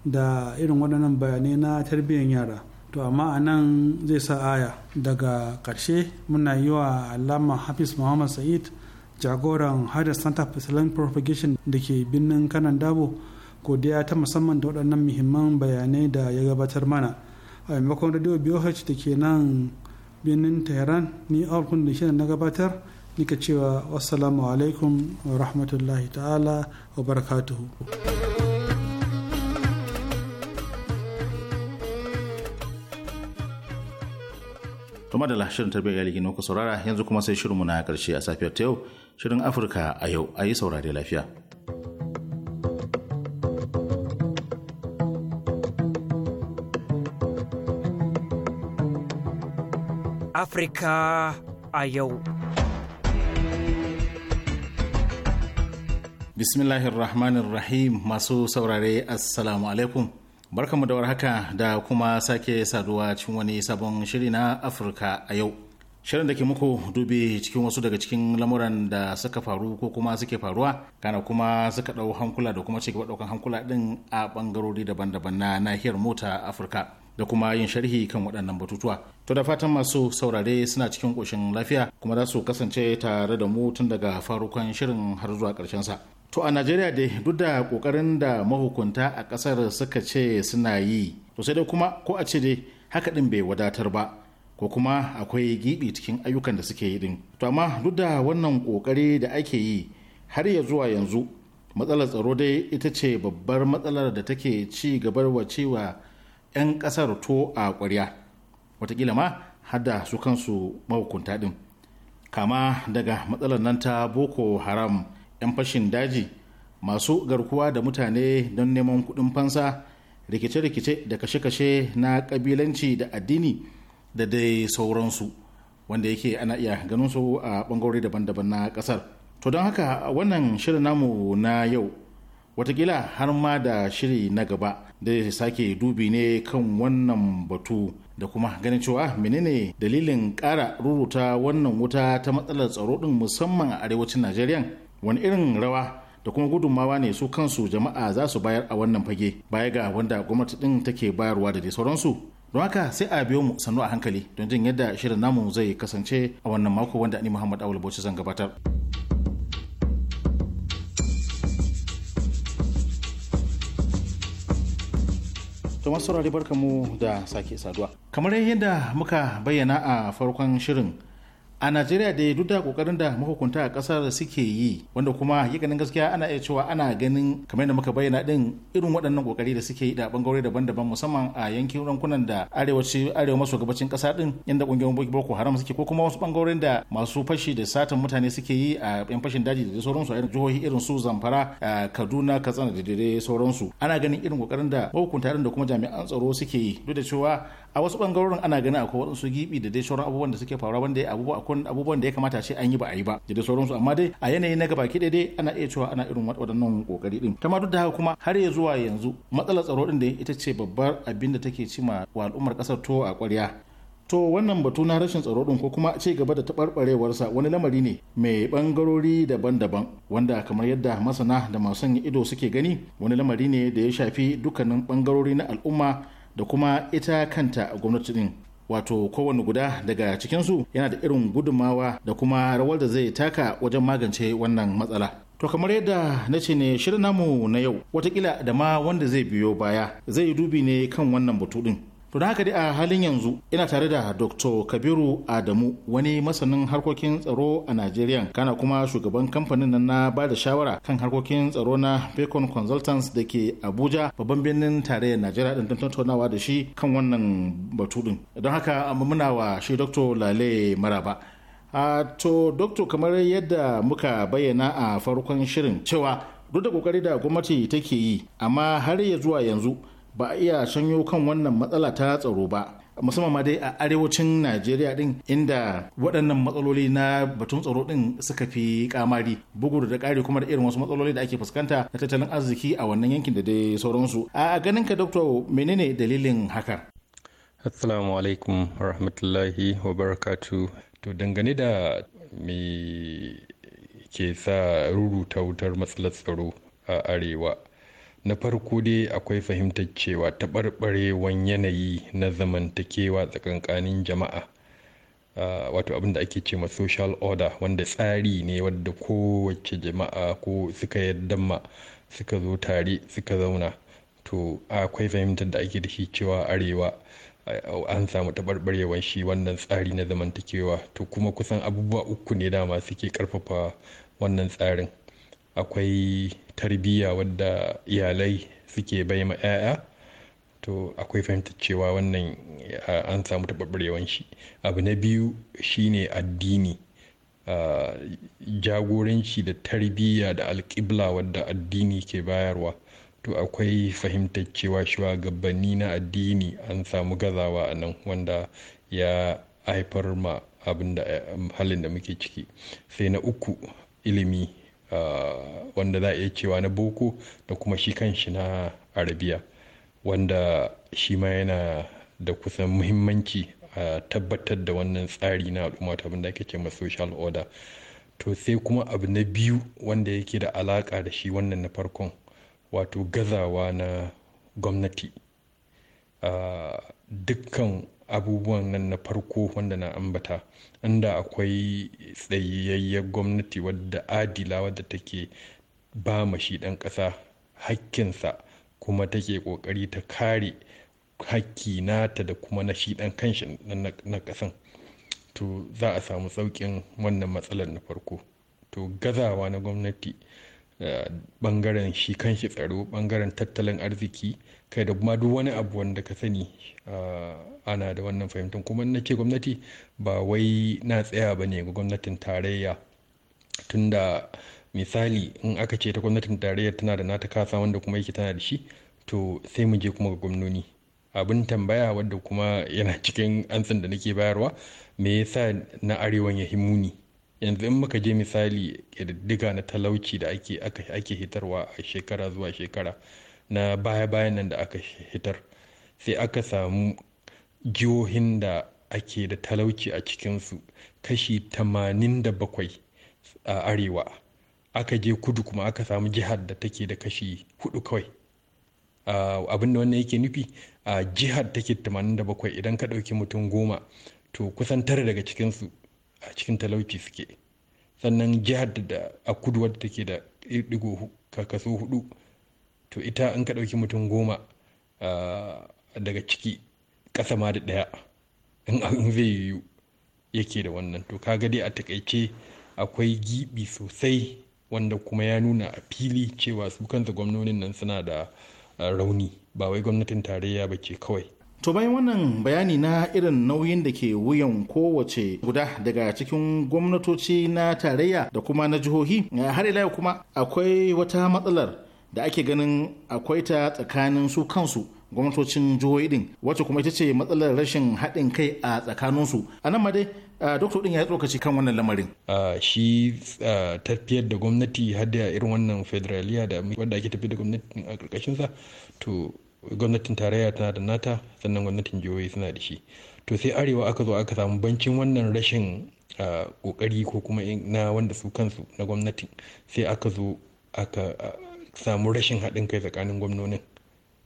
da irin waɗannan bayanai na tarbiyyar yara to amma a nan zai sa aya daga ƙarshe muna yi wa alama hafiz muhammad sa'id jagoran hada center for islamic propagation da ke birnin kanan dabo godiya ta musamman da waɗannan muhimman bayanai da ya gabatar mana a maimakon radio boh da ke nan birnin tehran ni alkun da shirin na gabatar nika cewa wassalamu alaikum wa rahmatullahi ta'ala wa barakatuhu kuma da shirin tarbiyyar iyali gina ku saurara yanzu kuma sai shirinmu na karshe a safiyar ta yau shirin afirka a yau a yi saurare lafiya Afrika a yau. Bismillahir Rahmanir Rahim masu saurare Assalamu alaikum. Barkanmu da warhaka da kuma sake saduwa cikin wani sabon shiri na Afirka a yau. Shirin da ke muku dubi cikin wasu daga cikin lamuran da suka faru ko kuma suke faruwa, kana kuma suka ɗau hankula da kuma cigaba ɗaukan hankula ɗin a ɓangarori daban-daban na nahiyar mota Afirka. da kuma yin sharhi kan waɗannan batutuwa. To da fatan masu saurare suna cikin ƙoshin lafiya kuma za su kasance tare da mu tun daga farukan shirin har zuwa ƙarshen sa. To a Najeriya dai duk da ƙoƙarin da mahukunta a ƙasar suka ce suna yi, to sai dai kuma ko a ce dai haka ɗin bai wadatar ba. ko kuma akwai gibi cikin ayyukan da suke yi din to amma duk da wannan ƙoƙari da ake yi har ya zuwa yanzu matsalar tsaro dai ita ce babbar matsalar da take ci gabar wacewa 'yan kasar to a ƙwarya watakila ma hada su kansu mahukunta ɗin kama daga matsalar nan ta boko haram 'yan fashin daji masu garkuwa da mutane don neman kuɗin fansa rikice-rikice da kashe-kashe na kabilanci da addini da dai sauransu wanda yake ana iya ganin su a bangarori daban-daban na ƙasar to don haka wannan shirin namu na yau watakila har ma da shiri na gaba da sake dubi ne kan wannan batu da kuma ganin cewa menene dalilin kara ruruta wannan wuta ta matsalar tsaro din musamman a arewacin najeriya wani irin rawa da kuma gudunmawa ne su kansu jama'a za su bayar a wannan fage baya ga wanda gwamnati din take bayarwa da dai sauransu don haka sai a biyo mu sannu a hankali don jin yadda shirin namu zai kasance a wannan mako wanda ni muhammad awul bauchi zan gabatar. To masu barkamu da sake saduwa. Kamar yadda muka bayyana a farkon shirin a najeriya da duk da kokarin da mahukunta a kasar suke yi wanda kuma ganin gaskiya ana iya cewa ana ganin kamar da muka bayyana din irin waɗannan kokari da suke yi da bangarori daban-daban musamman a yankin rankunan da arewaci arewa maso gabacin kasa din inda kungiyoyin boko haram suke ko kuma wasu bangarorin da masu fashi da satan mutane suke yi a yan fashin daji da sauransu a irin jihohi irin su zamfara kaduna katsina da dai sauransu ana ganin irin kokarin da mahukunta da kuma jami'an tsaro suke yi duk da cewa a wasu bangarorin ana ganin akwai waɗansu gibi da dai sauran abubuwan da suke faruwa wanda abubuwa akwai abubuwan da ya kamata ce an yi ba a yi ba da sauransu amma dai a yanayi na gaba ki dai ana iya cewa ana irin waɗannan kokari din ta duk da haka kuma har ya zuwa yanzu matsalar tsaro din da ita ce babbar abin da take cima wa al'ummar kasar to a ƙwarya to wannan batu na rashin tsaro din ko kuma ce gaba da taɓarɓarewarsa wani lamari ne mai ɓangarori daban-daban wanda kamar yadda masana da masu ido suke gani wani lamari ne da ya shafi dukkanin ɓangarori na al'umma da kuma ita kanta gwamnati din wato kowane guda daga cikinsu yana da irin gudumawa da kuma rawar da zai taka wajen magance wannan matsala To kamar yadda na ce ne shirin namu na yau watakila da ma wanda zai biyo baya zai dubi ne kan wannan batu To haka dai a halin yanzu ina tare da Dr. Kabiru Adamu wani masanin harkokin tsaro a Najeriya kana kuma shugaban kamfanin nan na ba da shawara kan harkokin tsaro na Bacon Consultants da ke Abuja babban birnin tarayyar Najeriya din tattaunawa da shi kan wannan batu din. Don haka muna wa shi Dr. Lale Maraba. A to Dr. kamar yadda muka bayyana a farkon shirin cewa duk da kokari da gwamnati take yi amma har ya zuwa yanzu ba a iya shanyo kan wannan matsala ta tsaro ba musamman ma dai a arewacin najeriya din inda waɗannan matsaloli na batun tsaro din suka fi kamari bugu da ƙari kuma da irin wasu matsaloli da ake fuskanta na tattalin arziki a wannan yankin da dai sauransu a ganin ka doktor menene dalilin haka assalamu alaikum rahmatullahi wa barakatu to dangane da me ke sa ruruta wutar matsalar tsaro a arewa na farko dai akwai fahimtar cewa taɓarɓarewan yanayi na zamantakewa tsakankanin jama'a Uh, wato abin ake ce ma social order wanda tsari ne wadda kowace jama'a ko suka yadda ma suka zo tare suka zauna to akwai fahimtar da ake da shi cewa arewa an samu taɓarɓarewar shi wannan tsari na zamantakewa to kuma kusan abubuwa uku ne dama suke ƙarfafa wannan tsarin akwai tarbiyya wadda iyalai suke bai ma 'ya'ya to akwai fahimtar cewa wannan an samu taɓarɓarewan shi abu na biyu shine addini jagoranci da tarbiyya da alƙibla wadda addini ke bayarwa to akwai fahimtar cewa shugabanni na addini an samu gazawa a nan wanda ya haifar ma abin da halin da muke ciki sai na uku ilimi Eh, wanda za a iya cewa na boko da kuma shi kanshi na arabiya wanda shi ma yana da kusan muhimmanci a tabbatar da wannan tsari na al'umma ta abin da ake cewa ma social order to sai kuma abu na biyu wanda yake da alaka da shi wannan na farkon wato gazawa na gwamnati eh, dukkan abubuwan nan na farko wanda na ambata inda akwai tsayayyen gwamnati wadda adila wadda take ba ma shi ɗan ƙasa hakkinsa kuma take ƙoƙari ta kare hakki nata da kuma na shi ɗan kanshi na ƙasan to za a samu sauƙin wannan matsalar na farko to gazawa na gwamnati Eh, bangaren shi kanshi tsaro bangaren tattalin arziki kai da ma duk wani abu wanda ka sani eh, ana da wannan fahimtar kuma na ce gwamnati ba wai na tsaya ba ne ga gwamnatin tarayya tunda misali in aka ce ta gwamnatin tarayya tana da nata kasa wanda kuma yake tana da shi to sai mu je kuma ga gwamnoni abin tambaya wadda kuma yana cikin ansan da nake bayarwa me yasa na arewan ya muni yanzu in muka je misali ƙididdiga na talauci da ake ake hitarwa a shekara zuwa shekara na baya-bayan nan da aka hitar sai aka samu jihohin da ake da talauci a cikinsu kashi 87 a arewa aka je kudu kuma aka samu jihar da take da kashi hudu kawai abinda wannan yake nufi a jihar take 87 idan ka ɗauki mutum goma to kusan tara daga cikinsu a cikin talauci suke sannan jihar da a kudu wadda take da ɗigo kaso hudu to ita in ka ɗauki mutum goma daga ciki ƙasa ma da ɗaya in zai yiwu yake da wannan to kaga dai a takaice akwai gibi sosai wanda kuma ya nuna a fili cewa su kansa gwamnonin nan suna da rauni ba wai gwamnatin tarayya ba ce kawai To bayan wannan bayani na irin nauyin da ke wuyan kowace guda daga cikin gwamnatoci na tarayya da kuma na jihohi har ila kuma akwai wata matsalar da ake ganin akwai ta tsakanin su kansu gwamnatocin jihohi din wacce kuma ita ce matsalar rashin haɗin kai a tsakaninsu a nan ma dai doktor din ya tsokaci kan wannan lamarin shi tafiyar da gwamnati har da irin wannan federaliya da wanda ake tafiyar da gwamnati a ƙarƙashinsa to gwamnatin tarayya tana da nata sannan gwamnatin jihohi suna da shi to sai arewa aka zo aka samu bancin wannan rashin kokari ko kuma na wanda su kansu na gwamnati sai aka zo aka samu rashin haɗin kai tsakanin gwamnonin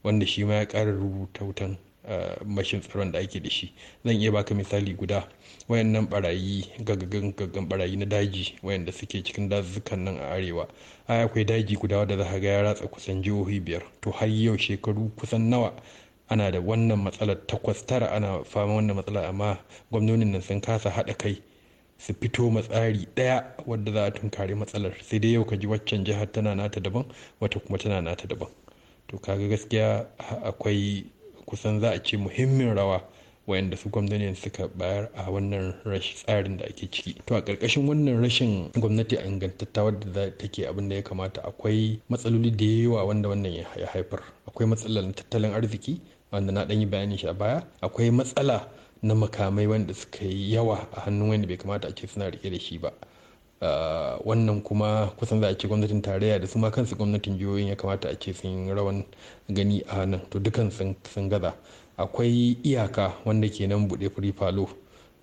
wanda shi ma ya ƙara rubuta wutan Eh, mashin tsaron da ake da shi zan iya baka misali guda wayannan barayi gaggan barayi na daji wayanda suke cikin dazukan nan a arewa ai akwai daji guda wadda za ga ya ratsa kusan jihohi biyar to har yau shekaru kusan nawa ana da wannan matsalar takwas tara ana fama wannan matsala amma gwamnonin nan sun kasa haɗa kai su fito matsari ɗaya wadda za a tunkari matsalar sai dai yau ka ji waccan jihar tana nata daban wata kuma tana nata daban to kaga gaskiya akwai kusan za a ce muhimmin rawa wayanda su gwamnatin suka bayar a wannan rashin tsarin da ake ciki to a ƙarƙashin wannan rashin gwamnati a ingantatta da take abin da ya kamata akwai matsaloli da yawa wanda wannan ya haifar akwai matsalar tattalin arziki wanda na ɗan yi bayani shi a baya akwai matsala na makamai wanda suka yi yawa a hannun wanda bai kamata a ce suna rike da shi ba Ah, wannan kuma kusan za a ce gwamnatin tarayya da su ma kansu gwamnatin jihohin ya kamata a ce sun rawan gani a nan to dukan sun gaza akwai iyaka wanda ke nan buɗe fri falo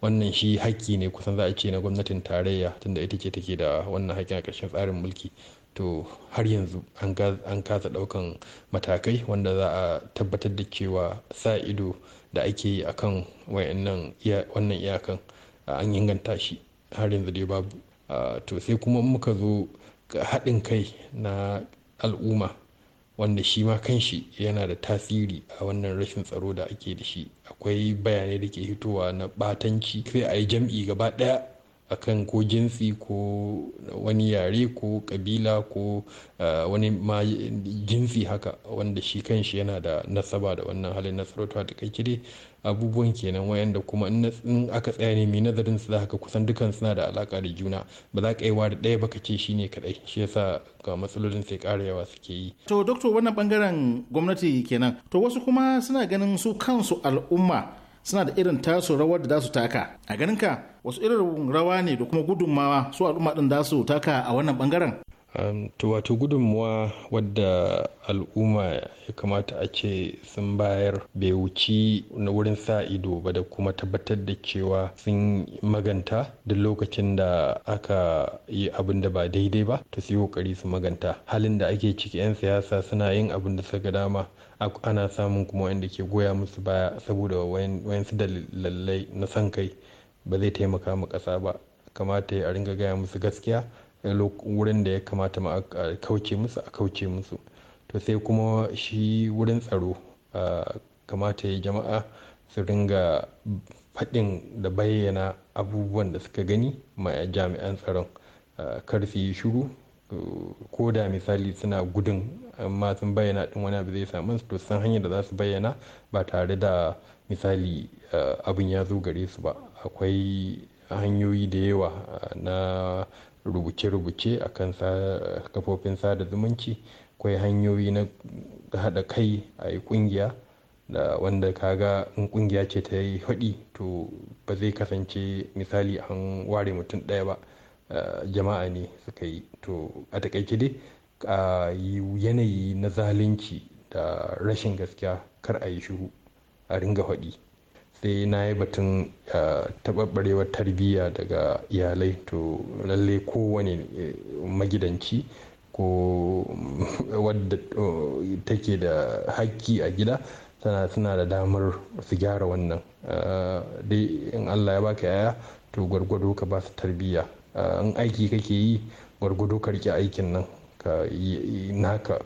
wannan shi haƙƙi ne kusan za a ce na gwamnatin tarayya tunda ita ce take da wannan haƙƙin a ƙarshen tsarin mulki to har yanzu an kasa ɗaukan matakai wanda za a tabbatar da cewa sa ido da ake yi a akan wannan iyakan ah, an inganta shi har yanzu dai babu Ah, to sai kuma muka zo ga haɗin kai na al'umma wanda shi ma kanshi yana da tasiri a wannan rashin tsaro da ake da shi akwai bayanai da ke hitowa na batanci sai a yi jam'i gaba ɗaya kan ko jinsi ko wani yare ko kabila ko ah, wani ma jinsi haka wanda shi kanshi yana da nasaba da wannan halin na sarauta da kai abubuwan kenan wayanda kuma in aka tsaya ne mai nazarin su za ka kusan dukan suna da alaka da juna ba za ka yi da ɗaya baka ce shi ne kaɗai shi yasa ga matsalolin sai ƙara yawa suke yi. to doktor wannan bangaren gwamnati kenan to wasu kuma suna ganin su kansu al'umma suna da irin tasu rawar da za su taka a ganin ka wasu irin rawa ne da kuma gudunmawa su al'umma ɗin da su taka a wannan bangaren to wato gudunmuwa wadda al'umma ya kamata a ce sun bayar bai wuci na wurin sa ido ba da kuma tabbatar da cewa sun maganta da lokacin da aka yi abin da ba daidai ba ta su yi kokari su maganta halin da ake ciki 'yan siyasa suna yin abin da suka dama ana samun kuma wanda ke goya musu baya saboda wayansu da lallai na son kai ba zai taimaka ma ƙasa ba kamata a ringa gaya musu gaskiya wurin da ya kamata ma a kauce musu a kauce musu to sai kuma shi wurin tsaro kamata ya jama'a su ringa faɗin da bayyana abubuwan da suka gani ma jami'an tsaron kar su yi shuru ko da misali suna gudun amma sun bayyana ɗin wani abu zai samu su to san hanyar da za su bayyana ba tare da misali abin ya zo gare su ba akwai hanyoyi da yawa na rubuce-rubuce a kan kafofin sada zumunci akwai hanyoyi na haɗa kai a yi ƙungiya da wanda ka ga in ƙungiya ce ta yi haɗi to ba zai kasance misali an ware mutum ɗaya ba eh, jama'a ne suka yi to a taƙaice dai a yanayi na zalunci da rashin gaskiya kar a yi shiru a ringa haɗi sai na yi batun taɓaɓɓarewar tarbiyya daga iyalai to lalle kowane e, magidanci ko wadda take da hakki a gida tana suna da damar su gyara wannan dai in allah ya baka yaya to gwargwado ka ba su tarbiyya in aiki kake yi gwargwado ka rike aikin nan ka naka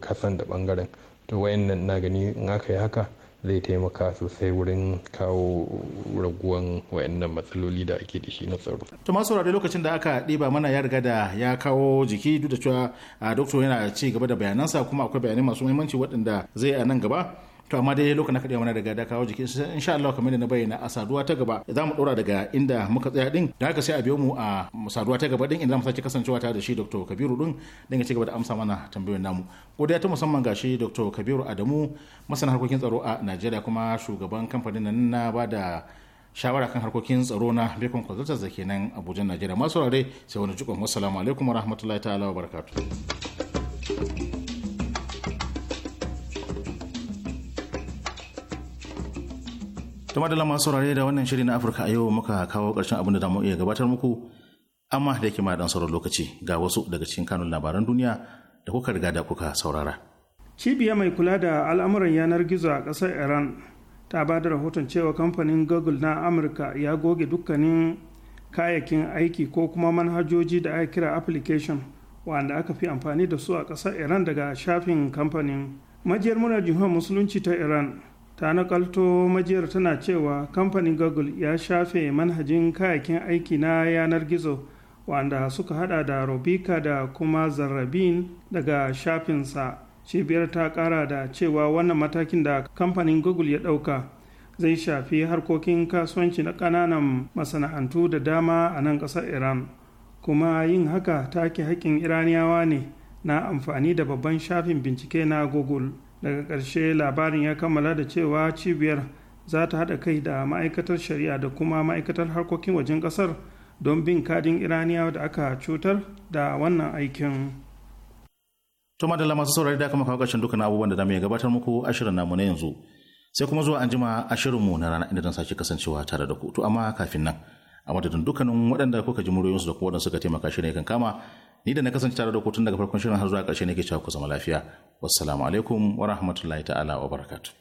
kasan da ɓangaren to wayannan na gani in aka yi haka zai taimaka sosai wurin kawo raguwan wayannan matsaloli da ake da shi na tsaro. to masu lokacin da aka ɗiba mana ya riga da ya kawo jiki duk da cewa ah, doktor yana ci gaba da bayanansa kuma akwai bayanai masu muhimmanci waɗanda zai a nan gaba to amma dai lokacin da kaɗe mana daga da kawo jikin sai insha Allah kamar da na bayyana a saduwa ta gaba za mu ɗora daga inda muka tsaya din da haka sai a biyo mu a saduwa ta gaba din inda za mu sake kasancewa tare da shi Dr. Kabiru din dan ya ci da amsa mana tambayoyin namu godiya ta musamman ga shi Dr. Kabiru Adamu masana harkokin tsaro a Najeriya kuma shugaban kamfanin nan na ba da shawara kan harkokin tsaro na Bekon Consultants da ke nan Abuja Najeriya masu saurare sai wani jikon wassalamu alaikum warahmatullahi ta'ala wa Tuma da lama saurare da wannan shiri na Afirka a yau muka kawo ƙarshen abin da mu iya gabatar muku amma da yake ma dan sauran lokaci ga wasu daga cikin kanun labaran duniya da kuka riga da kuka saurara. Cibiya mai kula da al'amuran yanar gizo a ƙasar Iran ta ba da rahoton cewa kamfanin Google na Amurka ya goge dukkanin kayayyakin aiki ko kuma manhajoji da aka kira application wanda aka fi amfani da su a ƙasar Iran daga shafin kamfanin. Majiyar murar jihar musulunci ta Iran ta nakalto majiyar tana cewa kamfanin google ya shafe manhajin kayakin aiki na yanar gizo wanda suka hada da robika da kuma zarrabin daga shafinsa cibiyar ta kara da cewa wannan matakin da kamfanin google ya dauka zai shafi harkokin kasuwanci na kananan masana'antu da dama a nan kasar iran kuma yin haka take haƙƙin iraniyawa ne na amfani da babban shafin bincike na google daga karshe labarin ya kammala da cewa cibiyar za ta haɗa kai da ma'aikatar shari'a da kuma ma'aikatar harkokin wajen kasar don bin kadin iraniya da aka cutar da wannan aikin to madalla masu saurari da aka maka ƙarshen dukkan abubuwan da dama ya gabatar muku ashirin namu na yanzu sai kuma zuwa anjima shirin mu na rana inda don sake kasancewa tare da ku to amma kafin nan a madadin dukkanin waɗanda kuka ji muryoyinsu da kuma waɗanda suka taimaka shi ne kan kama ni da na kasance tare da kotun daga farkon shirin har zuwa ƙarshe ke cewa ku zama lafiya wassalamu alaikum wa rahmatullahi ta'ala wa barakatuh